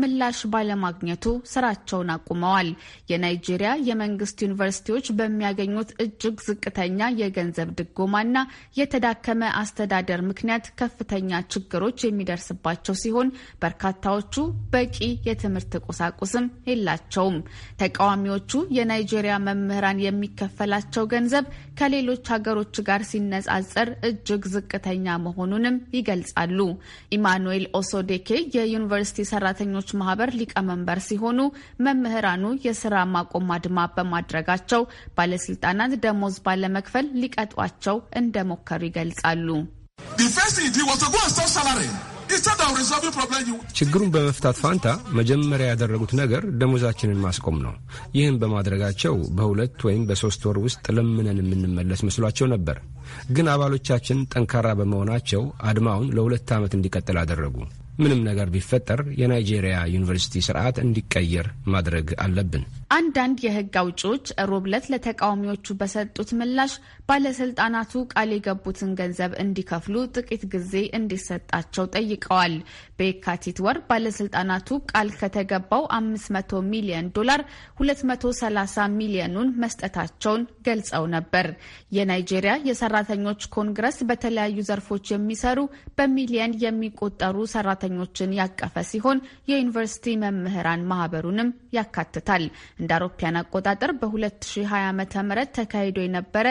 ምላሽ ባለማግኘቱ ስራቸውን አቁመዋል። የናይጄሪያ የመንግስት ዩኒቨርሲቲዎች በሚያገኙት እጅግ ዝቅተኛ የገንዘብ ድጎማና የተዳከመ አስተዳደር በኮሪደር ምክንያት ከፍተኛ ችግሮች የሚደርስባቸው ሲሆን በርካታዎቹ በቂ የትምህርት ቁሳቁስም የላቸውም። ተቃዋሚዎቹ የናይጄሪያ መምህራን የሚከፈላቸው ገንዘብ ከሌሎች ሀገሮች ጋር ሲነጻጸር እጅግ ዝቅተኛ መሆኑንም ይገልጻሉ። ኢማኑኤል ኦሶዴኬ የዩኒቨርሲቲ ሰራተኞች ማህበር ሊቀመንበር ሲሆኑ መምህራኑ የስራ ማቆም አድማ በማድረጋቸው ባለስልጣናት ደሞዝ ባለመክፈል ሊቀጧቸው እንደሞከሩ ይገልጻሉ። ችግሩን በመፍታት ፋንታ መጀመሪያ ያደረጉት ነገር ደሞዛችንን ማስቆም ነው። ይህን በማድረጋቸው በሁለት ወይም በሦስት ወር ውስጥ ለምነን የምንመለስ መስሏቸው ነበር። ግን አባሎቻችን ጠንካራ በመሆናቸው አድማውን ለሁለት ዓመት እንዲቀጥል አደረጉ። ምንም ነገር ቢፈጠር የናይጄሪያ ዩኒቨርሲቲ ስርዓት እንዲቀየር ማድረግ አለብን። አንዳንድ የህግ አውጪዎች ሮብ ለተቃዋሚዎቹ በሰጡት ምላሽ ባለስልጣናቱ ቃል የገቡትን ገንዘብ እንዲከፍሉ ጥቂት ጊዜ እንዲሰጣቸው ጠይቀዋል። በየካቲት ወር ባለስልጣናቱ ቃል ከተገባው 500 ሚሊዮን ዶላር 230 ሚሊዮኑን መስጠታቸውን ገልጸው ነበር። የናይጄሪያ የሰራተኞች ኮንግረስ በተለያዩ ዘርፎች የሚሰሩ በሚሊየን የሚቆጠሩ ሰራተኞችን ያቀፈ ሲሆን የዩኒቨርሲቲ መምህራን ማህበሩንም ያካትታል። እንደ አውሮፓያን አቆጣጠር በ2020 ዓ ም ተካሂዶ የነበረ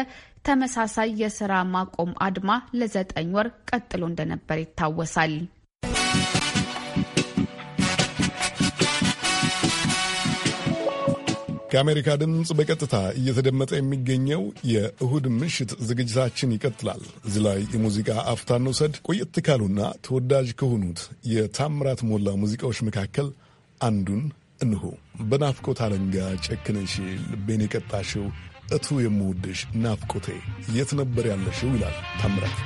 ተመሳሳይ የስራ ማቆም አድማ ለዘጠኝ ወር ቀጥሎ እንደነበር ይታወሳል። ከአሜሪካ ድምፅ በቀጥታ እየተደመጠ የሚገኘው የእሁድ ምሽት ዝግጅታችን ይቀጥላል። እዚህ ላይ የሙዚቃ አፍታ ውሰድ። ቆየት ካሉና ተወዳጅ ከሆኑት የታምራት ሞላ ሙዚቃዎች መካከል አንዱን እንሆ በናፍቆት አለንጋ ጨክነሽ ልቤን የቀጣሽው እቱ የምውድሽ ናፍቆቴ የት ነበር ያለሽው ይላል ታምራት።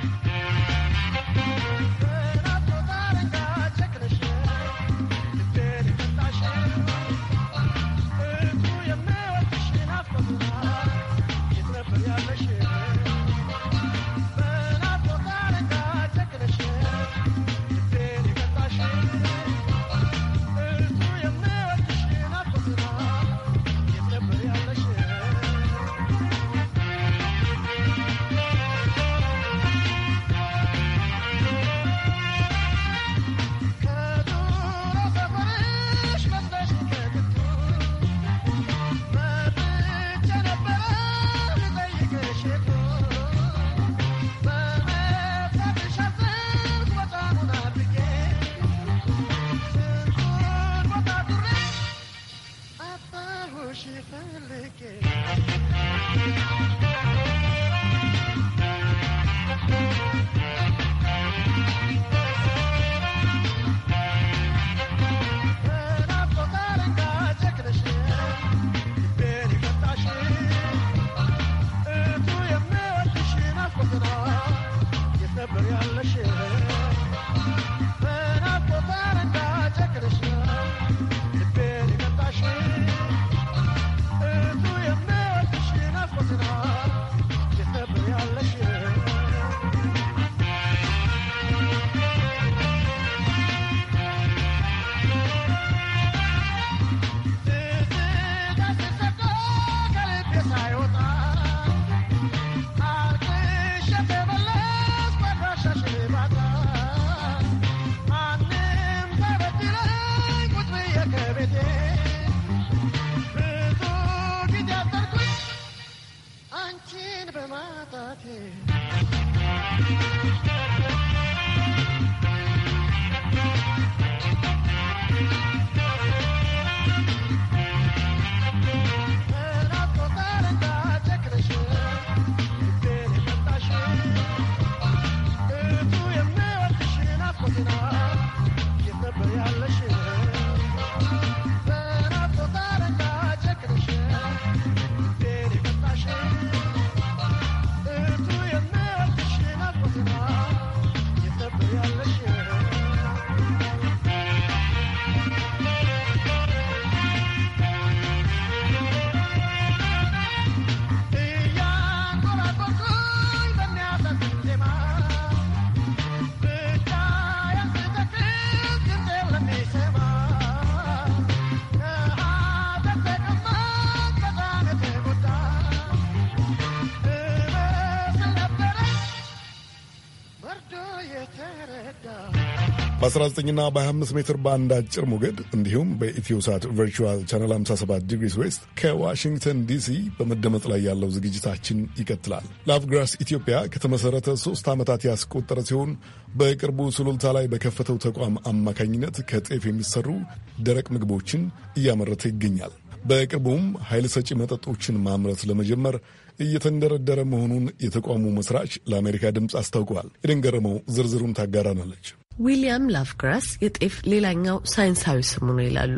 በ19ና በ25 ሜትር ባንድ አጭር ሞገድ እንዲሁም ሳት ቨርቹዋል ቻነል 57 ዲግሪስ ዌስት ከዋሽንግተን ዲሲ በመደመጥ ላይ ያለው ዝግጅታችን ይቀጥላል። ላቭግራስ ኢትዮጵያ ከተመሠረተ ሦስት ዓመታት ያስቆጠረ ሲሆን በቅርቡ ሱሉልታ ላይ በከፈተው ተቋም አማካኝነት ከጤፍ የሚሰሩ ደረቅ ምግቦችን እያመረተ ይገኛል። በቅርቡም ኃይል ሰጪ መጠጦችን ማምረት ለመጀመር እየተንደረደረ መሆኑን የተቋሙ መስራች ለአሜሪካ ድምፅ አስታውቀዋል። የደንገረመው ዝርዝሩን ታጋራናለች። ዊሊያም ላቭግራስ የጤፍ ሌላኛው ሳይንሳዊ ስሙ ነው ይላሉ።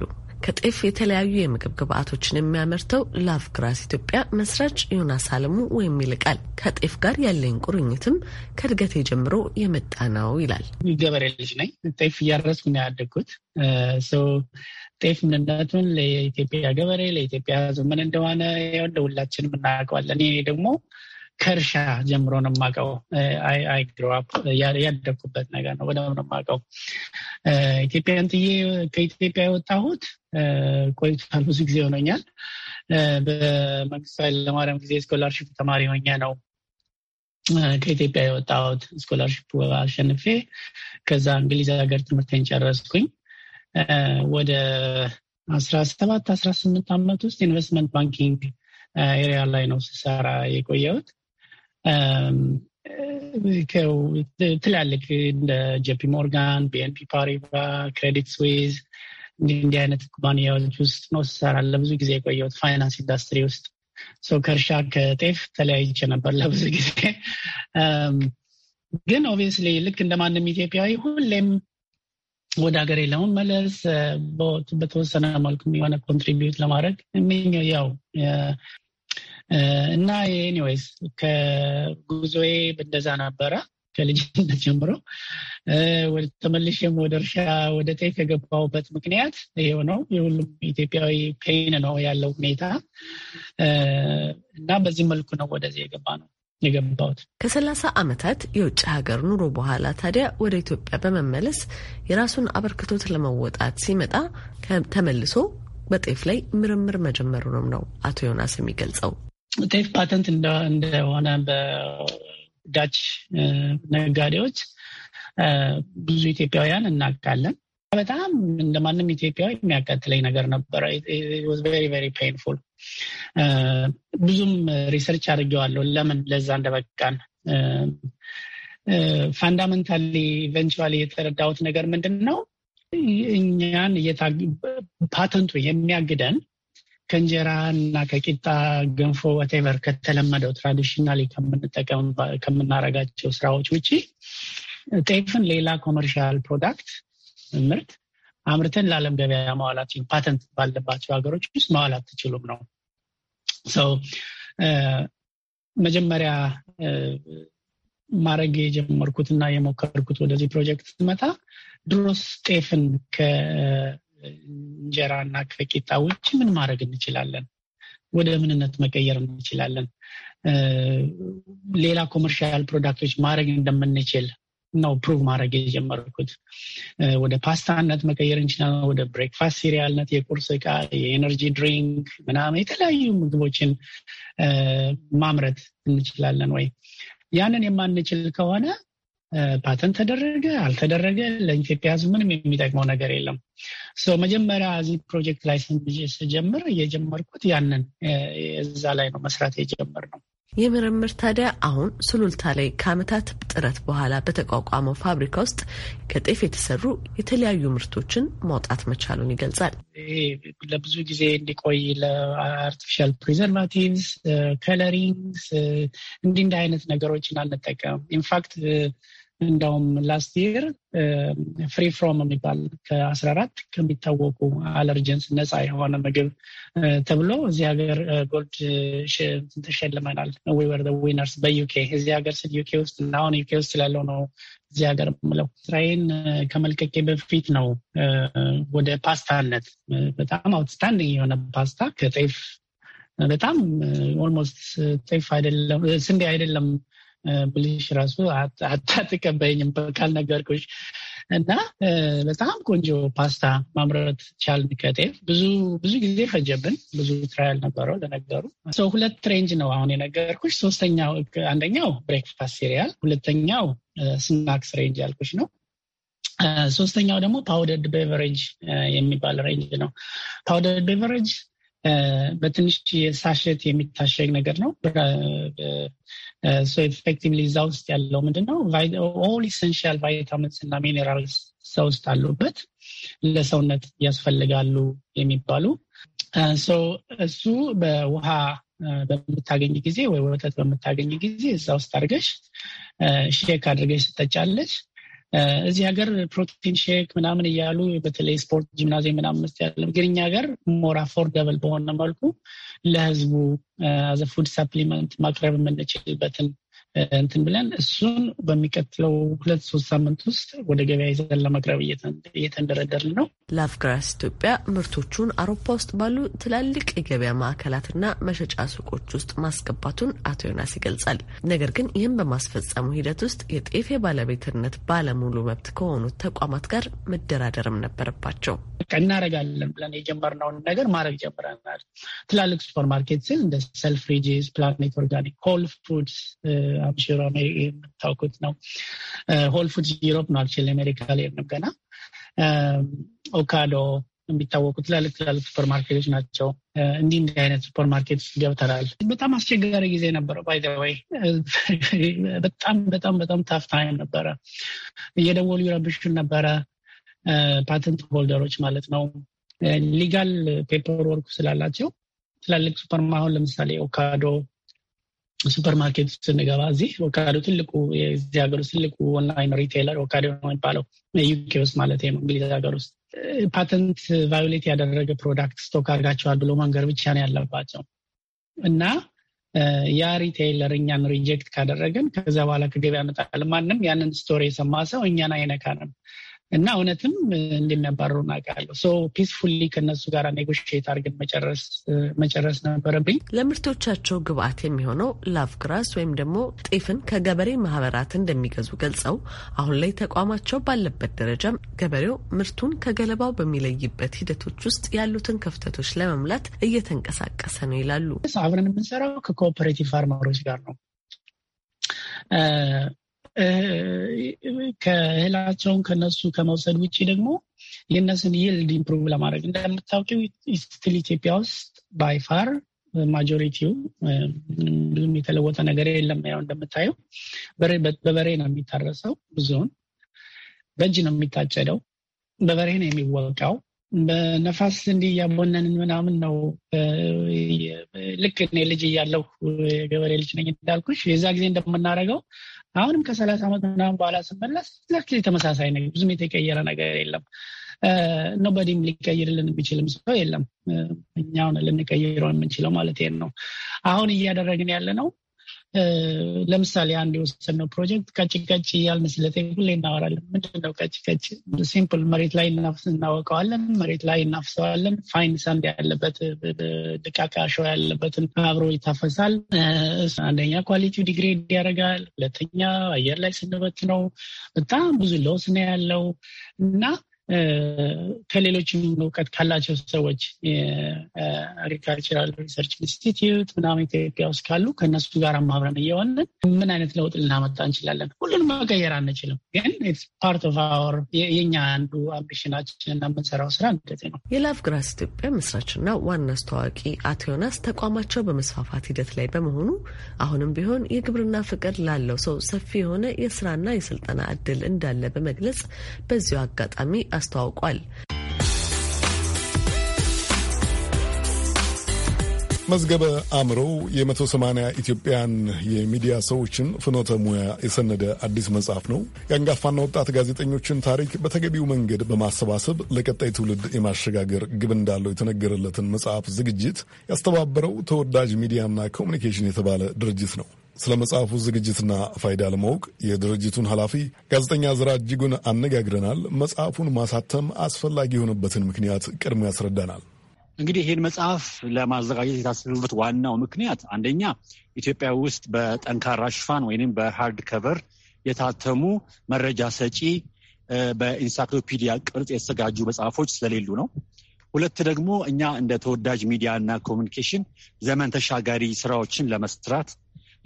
ከጤፍ የተለያዩ የምግብ ግብአቶችን የሚያመርተው ላቭግራስ ኢትዮጵያ መስራች ዮናስ አለሙ ወይም ይልቃል ከጤፍ ጋር ያለኝ ቁርኝትም ከእድገቴ ጀምሮ የመጣ ነው ይላል። ገበሬ ልጅ ነኝ። ጤፍ እያረስኩ ነው ያደግኩት። ጤፍ ምንነቱን ለኢትዮጵያ ገበሬ፣ ለኢትዮጵያ ሕዝብ ምን እንደሆነ ሁላችንም እናውቀዋለን። ይሄ ደግሞ ከእርሻ ጀምሮ ነው የማውቀው። አይ ያደኩበት ያደግኩበት ነገር ነው ወደ ነው የማውቀው። ኢትዮጵያን ጥዬ ከኢትዮጵያ የወጣሁት ቆይቷል፣ ብዙ ጊዜ ሆኖኛል። በመንግስቱ ኃይለማርያም ጊዜ ስኮላርሽፕ ተማሪ ሆኜ ነው ከኢትዮጵያ የወጣሁት። ስኮላርሽፕ አሸንፌ ከዛ እንግሊዝ ሀገር ትምህርቴን ጨረስኩኝ። ወደ አስራ ሰባት አስራ ስምንት ዓመት ውስጥ ኢንቨስትመንት ባንኪንግ ኤሪያ ላይ ነው ስሰራ የቆየሁት። ትላልቅ እንደ ጄፒ ሞርጋን፣ ቢኤንፒ ፓሪባ፣ ክሬዲት ስዊዝ እንዲህ አይነት ኩባንያዎች ውስጥ ነው ስሰራለ ለብዙ ጊዜ የቆየሁት ፋይናንስ ኢንዱስትሪ ውስጥ ሰው ከእርሻ ከጤፍ ተለያይቼ ነበር ለብዙ ጊዜ። ግን ኦብቪየስሊ ልክ እንደ ማንም ኢትዮጵያዊ ሁሌም ወደ ሀገሬ ለመመለስ በተወሰነ መልኩም የሆነ ኮንትሪቢዩት ለማድረግ ያው እና ኤኒዌይስ ከጉዞዬ እንደዛ ነበረ ከልጅነት ጀምሮ ተመልሼም ወደ እርሻ ወደ ጤፍ የገባሁበት ምክንያት ይሄው ነው። የሁሉም ኢትዮጵያዊ ፔን ነው ያለው ሁኔታ እና በዚህ መልኩ ነው ወደዚህ የገባ ነው የገባሁት። ከሰላሳ ዓመታት የውጭ ሀገር ኑሮ በኋላ ታዲያ ወደ ኢትዮጵያ በመመለስ የራሱን አበርክቶት ለመወጣት ሲመጣ ተመልሶ በጤፍ ላይ ምርምር መጀመሩንም ነው አቶ ዮናስ የሚገልጸው። ቴፍ ፓተንት እንደሆነ በዳች ነጋዴዎች ብዙ ኢትዮጵያውያን እናውቃለን። በጣም እንደማንም ኢትዮጵያዊ የሚያቀትለኝ ነገር ነበረ። ቬሪ ቬሪ ፔንፉል። ብዙም ሪሰርች አድርጌዋለሁ ለምን ለዛ እንደበቃን። ፋንዳመንታሊ ኢቨንቹዋሊ የተረዳሁት ነገር ምንድን ነው እኛን ፓተንቱ የሚያግደን ከእንጀራ እና ከቂጣ ገንፎ ወቴቨር ከተለመደው ትራዲሽናሊ ከምናረጋቸው ስራዎች ውጭ ጤፍን ሌላ ኮመርሻል ፕሮዳክት ምርት አምርተን ለዓለም ገበያ ማዋላት ፓተንት ባለባቸው ሀገሮች ውስጥ ማዋላት ትችሉም ነው። መጀመሪያ ማድረግ የጀመርኩትና የሞከርኩት ወደዚህ ፕሮጀክት ስመጣ ድሮስ ጤፍን እንጀራ እና ከቂጣ ውጭ ምን ማድረግ እንችላለን? ወደ ምንነት መቀየር እንችላለን? ሌላ ኮመርሻል ፕሮዳክቶች ማድረግ እንደምንችል ነው ፕሩቭ ማድረግ የጀመርኩት። ወደ ፓስታነት መቀየር እንችላለን። ወደ ብሬክፋስት ሲሪያልነት፣ የቁርስ እቃ፣ የኤነርጂ ድሪንክ ምናምን የተለያዩ ምግቦችን ማምረት እንችላለን ወይ? ያንን የማንችል ከሆነ ፓተንት ተደረገ አልተደረገ ለኢትዮጵያ ሕዝብ ምንም የሚጠቅመው ነገር የለም። መጀመሪያ እዚህ ፕሮጀክት ላይ ስጀምር እየጀመርኩት ያንን እዛ ላይ ነው መስራት የጀመርነው። ይህ ምርምር ታዲያ አሁን ሱሉልታ ላይ ከዓመታት ጥረት በኋላ በተቋቋመው ፋብሪካ ውስጥ ከጤፍ የተሰሩ የተለያዩ ምርቶችን ማውጣት መቻሉን ይገልጻል። ይሄ ለብዙ ጊዜ እንዲቆይ ለአርቲፊሻል ፕሪዘርቫቲቭስ፣ ከለሪንግስ እንዲህ እንደ አይነት ነገሮችን አንጠቀምም። ኢንፋክት እንዳውም ላስት ይር ፍሪ ፍሮም የሚባል ከአስራ አራት ከሚታወቁ አለርጀንስ ነፃ የሆነ ምግብ ተብሎ እዚህ ሀገር ጎልድ ተሸልመናል። ዊወር ዊነርስ በዩኬ እዚህ ሀገር ስል ዩኬ ውስጥ እና አሁን ዩኬ ውስጥ ስላለው ነው። እዚህ ሀገር ምለው ስራዬን ከመልቀቄ በፊት ነው ወደ ፓስታነት በጣም አውትስታንዲንግ የሆነ ፓስታ ከጤፍ በጣም ኦልሞስት ጤፍ አይደለም ስንዴ አይደለም ብልሽ ራሱ አታጥቀበኝም ካልነገርኩሽ እና በጣም ቆንጆ ፓስታ ማምረት ቻልን። ከጤፍ ብዙ ብዙ ጊዜ ፈጀብን። ብዙ ትራያል ነበረው። ለነገሩ ሰው ሁለት ሬንጅ ነው አሁን የነገርኩሽ። ሶስተኛው አንደኛው ብሬክፋስት ሲሪያል፣ ሁለተኛው ስናክስ ሬንጅ ያልኩሽ ነው። ሶስተኛው ደግሞ ፓውደርድ ቤቨሬጅ የሚባል ሬንጅ ነው። ፓውደርድ ቤቨሬጅ በትንሽ የሳሸት የሚታሸግ ነገር ነው። ኤፌክቲቭሊ እዛ ውስጥ ያለው ምንድን ነው? ኦል ኢሰንሻል ቫይታሚንስ እና ሚኔራልስ ሰው ውስጥ አሉበት ለሰውነት ያስፈልጋሉ የሚባሉ እሱ በውሃ በምታገኝ ጊዜ ወይ ወተት በምታገኝ ጊዜ እዛ ውስጥ አድርገሽ ሼክ አድርገሽ ትጠጫለች። እዚህ ሀገር ፕሮቲን ሼክ ምናምን እያሉ በተለይ ስፖርት ጂምናዚየም ምናምን መስት ያለ ግን እኛ ሀገር ሞር አፎርደብል በሆነ መልኩ ለህዝቡ አዘ ፉድ ሰፕሊመንት ማቅረብ የምንችልበትን እንትን ብለን እሱን በሚቀጥለው ሁለት ሶስት ሳምንት ውስጥ ወደ ገበያ ይዘን ለማቅረብ እየተንደረደርን ነው። ላፍግራስ ኢትዮጵያ ምርቶቹን አውሮፓ ውስጥ ባሉ ትላልቅ የገበያ ማዕከላትና መሸጫ ሱቆች ውስጥ ማስገባቱን አቶ ዮናስ ይገልጻል። ነገር ግን ይህም በማስፈጸሙ ሂደት ውስጥ የጤፍ ባለቤትነት ባለሙሉ መብት ከሆኑት ተቋማት ጋር መደራደርም ነበረባቸው። እናረጋለን ብለን የጀመርነውን ነገር ማድረግ ጀምረናል። ትላልቅ ሱፐርማርኬት እንደ ሰልፍሪጅስ፣ ፕላኔት ኦርጋኒክ፣ ሆል ፉድስ ናቸው የምታውቁት ነው። ሆል ፉድስ ዩሮፕ ነው አክቹዋሊ አሜሪካ ላይ የሄድነው ገና። ኦካዶ የሚታወቁ ትላልቅ ትላልቅ ማርኬቶች ናቸው። እንዲህ እንዲህ አይነት ሱፐርማርኬት ውስጥ ገብተናል። በጣም አስቸጋሪ ጊዜ ነበረ። ባይ ዘ ወይ በጣም በጣም በጣም ታፍ ታይም ነበረ። እየደወሉ ይረብሹን ነበረ። ፓተንት ሆልደሮች ማለት ነው። ሊጋል ፔፐር ወርክ ስላላቸው ትላልቅ ሱፐርማ አሁን ለምሳሌ ኦካዶ ሱፐር ማርኬት ስንገባ እዚህ ወካዶ ትልቁ የዚህ ሀገር ውስጥ ትልቁ ኦንላይን ሪቴይለር ወካዶ ነው የሚባለው ዩኬ ውስጥ ማለት ነው፣ እንግሊዝ ሀገር ውስጥ ፓተንት ቫዮሌት ያደረገ ፕሮዳክት ስቶክ አድርጋቸዋል ብሎ መንገር ብቻ ነው ያለባቸው እና ያ ሪቴይለር እኛን ሪጀክት ካደረግን ከዛ በኋላ ከገበያ መጣል ማንም ያንን ስቶሪ የሰማ ሰው እኛን አይነካንም። እና እውነትም እንደሚያባረሩ እናውቃለሁ። ሶ ፒስፉሊ ከነሱ ጋር ኔጎሽት አድርገን መጨረስ ነበረብኝ። ለምርቶቻቸው ግብአት የሚሆነው ላቭግራስ ወይም ደግሞ ጤፍን ከገበሬ ማህበራት እንደሚገዙ ገልጸው አሁን ላይ ተቋማቸው ባለበት ደረጃም ገበሬው ምርቱን ከገለባው በሚለይበት ሂደቶች ውስጥ ያሉትን ክፍተቶች ለመሙላት እየተንቀሳቀሰ ነው ይላሉ። አብረን የምንሰራው ከኮኦፐሬቲቭ ፋርማሮች ጋር ነው ከእህላቸውን ከነሱ ከመውሰድ ውጭ ደግሞ የእነሱን ይልድ ኢምፕሩቭ ለማድረግ እንደምታውቂው ስትል ኢትዮጵያ ውስጥ ባይፋር ማጆሪቲው ብዙም የተለወጠ ነገር የለም። ያው እንደምታየው በበሬ ነው የሚታረሰው፣ ብዙውን በእጅ ነው የሚታጨደው፣ በበሬ ነው የሚወቃው። በነፋስ እንዲህ እያቦነንን ምናምን ነው። ልክ እኔ ልጅ እያለሁ የገበሬ ልጅ ነኝ እንዳልኩሽ የዛ ጊዜ እንደምናደርገው አሁንም ከሰላሳ ዓመት ምናምን በኋላ ስመለስ ለክሊ ተመሳሳይ ነገር ብዙም የተቀየረ ነገር የለም። ኖበዲም ሊቀይርልን የሚችልም ሰው የለም። እኛውን ልንቀይረው የምንችለው ማለት ነው። አሁን እያደረግን ያለ ነው ለምሳሌ አንድ የወሰድነው ፕሮጀክት ቀጭ ቀጭ እያልን ስለጤ ሁሌ እናወራለን። ምንድነው ቀጭ ቀጭ? ሲምፕል መሬት ላይ እናወቀዋለን፣ መሬት ላይ እናፍሰዋለን። ፋይን ሳንድ ያለበት ድቃቃ አሸዋ ያለበትን አብሮ ይታፈሳል። አንደኛ ኳሊቲው ዲግሬድ ያደርጋል፣ ሁለተኛ አየር ላይ ስንበት ነው በጣም ብዙ ለውስ ነው ያለው እና ከሌሎችም እውቀት ካላቸው ሰዎች የአግሪካልቸራል ሪሰርች ኢንስቲትዩት ምናምን ኢትዮጵያ ውስጥ ካሉ ከእነሱ ጋር ማብረን እየሆንን ምን አይነት ለውጥ ልናመጣ እንችላለን። ሁሉንም መቀየር አንችልም፣ ግን ፓርት ኦፍ አወር የእኛ አንዱ አምቢሽናችን እና የምንሰራው ስራ እንደዚህ ነው። የላቭ ግራስ ኢትዮጵያ መስራችና ዋና አስተዋዋቂ አቶ ዮናስ ተቋማቸው በመስፋፋት ሂደት ላይ በመሆኑ አሁንም ቢሆን የግብርና ፍቅር ላለው ሰው ሰፊ የሆነ የስራና የስልጠና እድል እንዳለ በመግለጽ በዚሁ አጋጣሚ አስተዋውቋል። መዝገበ አእምሮ የ180 ኢትዮጵያን የሚዲያ ሰዎችን ፍኖተ ሙያ የሰነደ አዲስ መጽሐፍ ነው። የአንጋፋና ወጣት ጋዜጠኞችን ታሪክ በተገቢው መንገድ በማሰባሰብ ለቀጣይ ትውልድ የማሸጋገር ግብ እንዳለው የተነገረለትን መጽሐፍ ዝግጅት ያስተባበረው ተወዳጅ ሚዲያና ኮሚኒኬሽን የተባለ ድርጅት ነው። ስለ መጽሐፉ ዝግጅትና ፋይዳ ለማወቅ የድርጅቱን ኃላፊ ጋዜጠኛ ዝራ እጅጉን አነጋግረናል። መጽሐፉን ማሳተም አስፈላጊ የሆነበትን ምክንያት ቀድሞ ያስረዳናል። እንግዲህ ይህን መጽሐፍ ለማዘጋጀት የታሰበበት ዋናው ምክንያት አንደኛ ኢትዮጵያ ውስጥ በጠንካራ ሽፋን ወይም በሃርድ ከቨር የታተሙ መረጃ ሰጪ በኢንሳይክሎፒዲያ ቅርጽ የተዘጋጁ መጽሐፎች ስለሌሉ ነው። ሁለት ደግሞ እኛ እንደ ተወዳጅ ሚዲያ እና ኮሚኒኬሽን ዘመን ተሻጋሪ ስራዎችን ለመስራት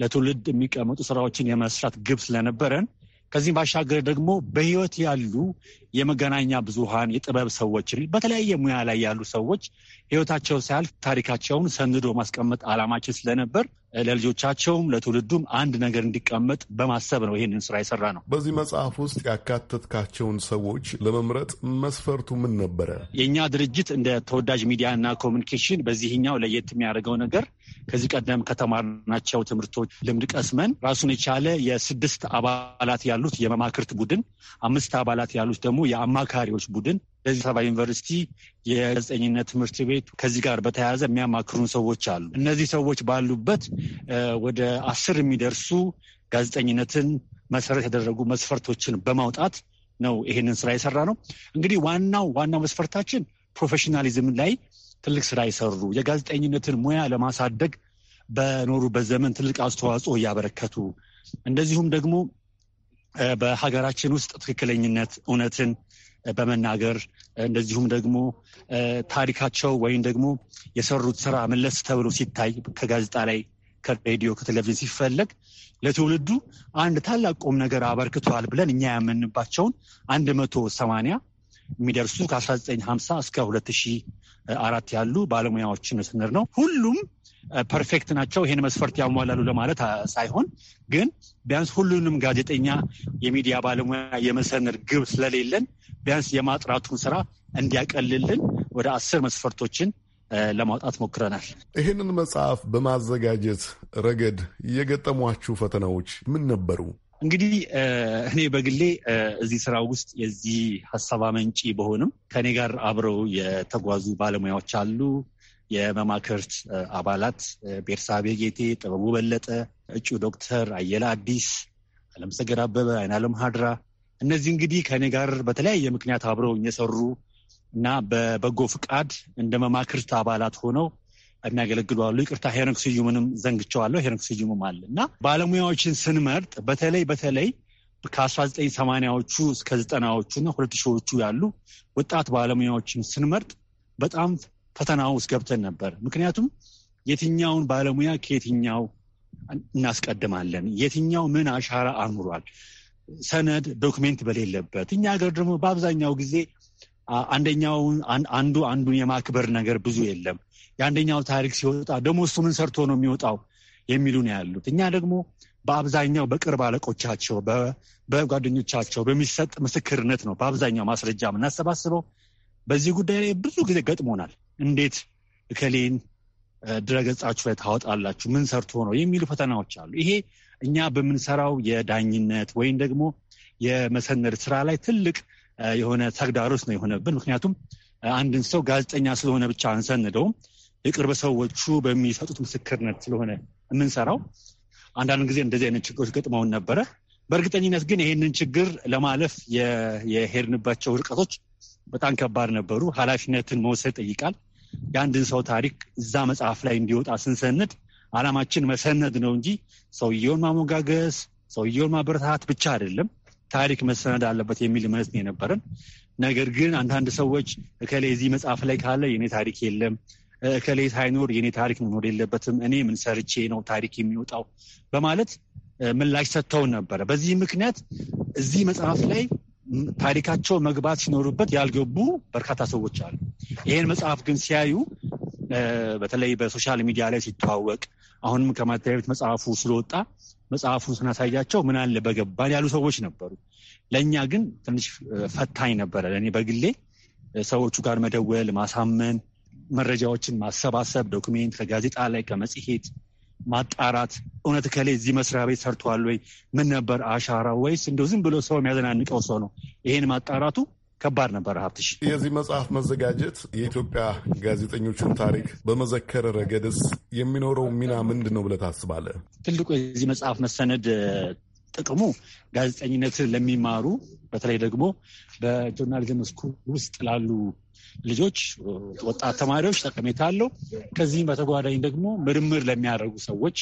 ለትውልድ የሚቀመጡ ስራዎችን የመስራት ግብ ስለነበረን ከዚህም ባሻገር ደግሞ በህይወት ያሉ የመገናኛ ብዙሃን የጥበብ ሰዎችን በተለያየ ሙያ ላይ ያሉ ሰዎች ህይወታቸው ሳያልፍ ታሪካቸውን ሰንዶ ማስቀመጥ አላማችን ስለነበር ለልጆቻቸውም ለትውልዱም አንድ ነገር እንዲቀመጥ በማሰብ ነው ይህንን ስራ የሰራ ነው። በዚህ መጽሐፍ ውስጥ ያካተትካቸውን ሰዎች ለመምረጥ መስፈርቱ ምን ነበረ? የእኛ ድርጅት እንደ ተወዳጅ ሚዲያና ኮሚኒኬሽን በዚህኛው ለየት የሚያደርገው ነገር ከዚህ ቀደም ከተማርናቸው ትምህርቶች ልምድ ቀስመን ራሱን የቻለ የስድስት አባላት ያሉት የመማክርት ቡድን፣ አምስት አባላት ያሉት ደግሞ የአማካሪዎች ቡድን ለዚህ ሰባ ዩኒቨርሲቲ የጋዜጠኝነት ትምህርት ቤት ከዚህ ጋር በተያያዘ የሚያማክሩን ሰዎች አሉ። እነዚህ ሰዎች ባሉበት ወደ አስር የሚደርሱ ጋዜጠኝነትን መሰረት ያደረጉ መስፈርቶችን በማውጣት ነው ይሄንን ስራ የሰራ ነው። እንግዲህ ዋናው ዋናው መስፈርታችን ፕሮፌሽናሊዝም ላይ ትልቅ ስራ የሰሩ የጋዜጠኝነትን ሙያ ለማሳደግ በኖሩበት ዘመን ትልቅ አስተዋጽኦ እያበረከቱ እንደዚሁም ደግሞ በሀገራችን ውስጥ ትክክለኝነት፣ እውነትን በመናገር እንደዚሁም ደግሞ ታሪካቸው ወይም ደግሞ የሰሩት ስራ መለስ ተብሎ ሲታይ ከጋዜጣ ላይ ከሬዲዮ ከቴሌቪዥን ሲፈለግ ለትውልዱ አንድ ታላቅ ቁም ነገር አበርክቷል ብለን እኛ ያመንባቸውን አንድ መቶ ሰማንያ የሚደርሱ ከ1950 እስከ 2004 ያሉ ባለሙያዎችን ስንር ነው ሁሉም ፐርፌክት ናቸው፣ ይህን መስፈርት ያሟላሉ ለማለት ሳይሆን ግን ቢያንስ ሁሉንም ጋዜጠኛ የሚዲያ ባለሙያ የመሰነድ ግብ ስለሌለን ቢያንስ የማጥራቱን ስራ እንዲያቀልልን ወደ አስር መስፈርቶችን ለማውጣት ሞክረናል። ይህንን መጽሐፍ በማዘጋጀት ረገድ የገጠሟችሁ ፈተናዎች ምን ነበሩ? እንግዲህ እኔ በግሌ እዚህ ስራ ውስጥ የዚህ ሀሳብ አመንጪ በሆንም ከእኔ ጋር አብረው የተጓዙ ባለሙያዎች አሉ። የመማክርት አባላት ቤርሳቤ ጌቴ፣ ጥበቡ በለጠ፣ እጩ ዶክተር አየለ አዲስ፣ አለምሰገድ አበበ፣ አይናለም ሀድራ እነዚህ እንግዲህ ከኔ ጋር በተለያየ ምክንያት አብረው እየሰሩ እና በበጎ ፍቃድ እንደ መማክርት አባላት ሆነው የሚያገለግሉ አሉ። ይቅርታ ሄረንክ ስዩምንም ዘንግቸዋለሁ። ሄረንክ ስዩምም አለ እና ባለሙያዎችን ስንመርጥ በተለይ በተለይ ከ1980ዎቹ እስከ ዘጠናዎቹ እና ሁለት ሺዎቹ ያሉ ወጣት ባለሙያዎችን ስንመርጥ በጣም ፈተና ውስጥ ገብተን ነበር። ምክንያቱም የትኛውን ባለሙያ ከየትኛው እናስቀድማለን፣ የትኛው ምን አሻራ አኑሯል፣ ሰነድ ዶክሜንት በሌለበት። እኛ ሀገር ደግሞ በአብዛኛው ጊዜ አንደኛውን አንዱ አንዱን የማክበር ነገር ብዙ የለም። የአንደኛው ታሪክ ሲወጣ ደግሞ እሱ ምን ሰርቶ ነው የሚወጣው የሚሉ ነው ያሉት። እኛ ደግሞ በአብዛኛው በቅርብ አለቆቻቸው፣ በጓደኞቻቸው በሚሰጥ ምስክርነት ነው በአብዛኛው ማስረጃ የምናሰባስበው። በዚህ ጉዳይ ላይ ብዙ ጊዜ ገጥሞናል። እንዴት እከሌን ድረገጻችሁ ላይ ታወጣላችሁ? ምን ሰርቶ ነው የሚሉ ፈተናዎች አሉ። ይሄ እኛ በምንሰራው የዳኝነት ወይም ደግሞ የመሰነድ ስራ ላይ ትልቅ የሆነ ተግዳሮት ነው የሆነብን። ምክንያቱም አንድን ሰው ጋዜጠኛ ስለሆነ ብቻ አንሰንደውም። የቅርብ ሰዎቹ በሚሰጡት ምስክርነት ስለሆነ የምንሰራው አንዳንድ ጊዜ እንደዚህ አይነት ችግሮች ገጥመውን ነበረ። በእርግጠኝነት ግን ይህንን ችግር ለማለፍ የሄድንባቸው ርቀቶች በጣም ከባድ ነበሩ። ኃላፊነትን መውሰድ ጠይቃል? የአንድን ሰው ታሪክ እዛ መጽሐፍ ላይ እንዲወጣ ስንሰንድ አላማችን መሰነድ ነው እንጂ ሰውየውን ማሞጋገስ፣ ሰውየውን ማበረታት ብቻ አይደለም። ታሪክ መሰነድ አለበት የሚል እምነት የነበረን። ነገር ግን አንዳንድ ሰዎች እከሌ እዚህ መጽሐፍ ላይ ካለ የኔ ታሪክ የለም፣ እከሌ ሳይኖር የኔ ታሪክ መኖር የለበትም፣ እኔ ምን ሰርቼ ነው ታሪክ የሚወጣው በማለት ምላሽ ሰጥተውን ነበረ። በዚህ ምክንያት እዚህ መጽሐፍ ላይ ታሪካቸው መግባት ሲኖሩበት ያልገቡ በርካታ ሰዎች አሉ። ይህን መጽሐፍ ግን ሲያዩ በተለይ በሶሻል ሚዲያ ላይ ሲተዋወቅ አሁንም ከማተሚያ ቤት መጽሐፉ ስለወጣ መጽሐፉን ስናሳያቸው ምን አለ በገባን ያሉ ሰዎች ነበሩ። ለእኛ ግን ትንሽ ፈታኝ ነበረ። ለእኔ በግሌ ሰዎቹ ጋር መደወል፣ ማሳመን፣ መረጃዎችን ማሰባሰብ ዶክሜንት ከጋዜጣ ላይ ከመጽሔት ማጣራት እውነት ከሌ እዚህ መስሪያ ቤት ሰርተዋል ወይ? ምን ነበር አሻራ? ወይስ እንደው ዝም ብሎ ሰው የሚያዘናንቀው ሰው ነው? ይሄን ማጣራቱ ከባድ ነበር። ሀብትሽ፣ የዚህ መጽሐፍ መዘጋጀት የኢትዮጵያ ጋዜጠኞችን ታሪክ በመዘከር ረገድስ የሚኖረው ሚና ምንድን ነው ብለህ ታስባለህ? ትልቁ የዚህ መጽሐፍ መሰነድ ጥቅሙ ጋዜጠኝነትን ለሚማሩ በተለይ ደግሞ በጆርናሊዝም ስኩል ውስጥ ላሉ ልጆች፣ ወጣት ተማሪዎች ጠቀሜታ አለው። ከዚህም በተጓዳኝ ደግሞ ምርምር ለሚያደርጉ ሰዎች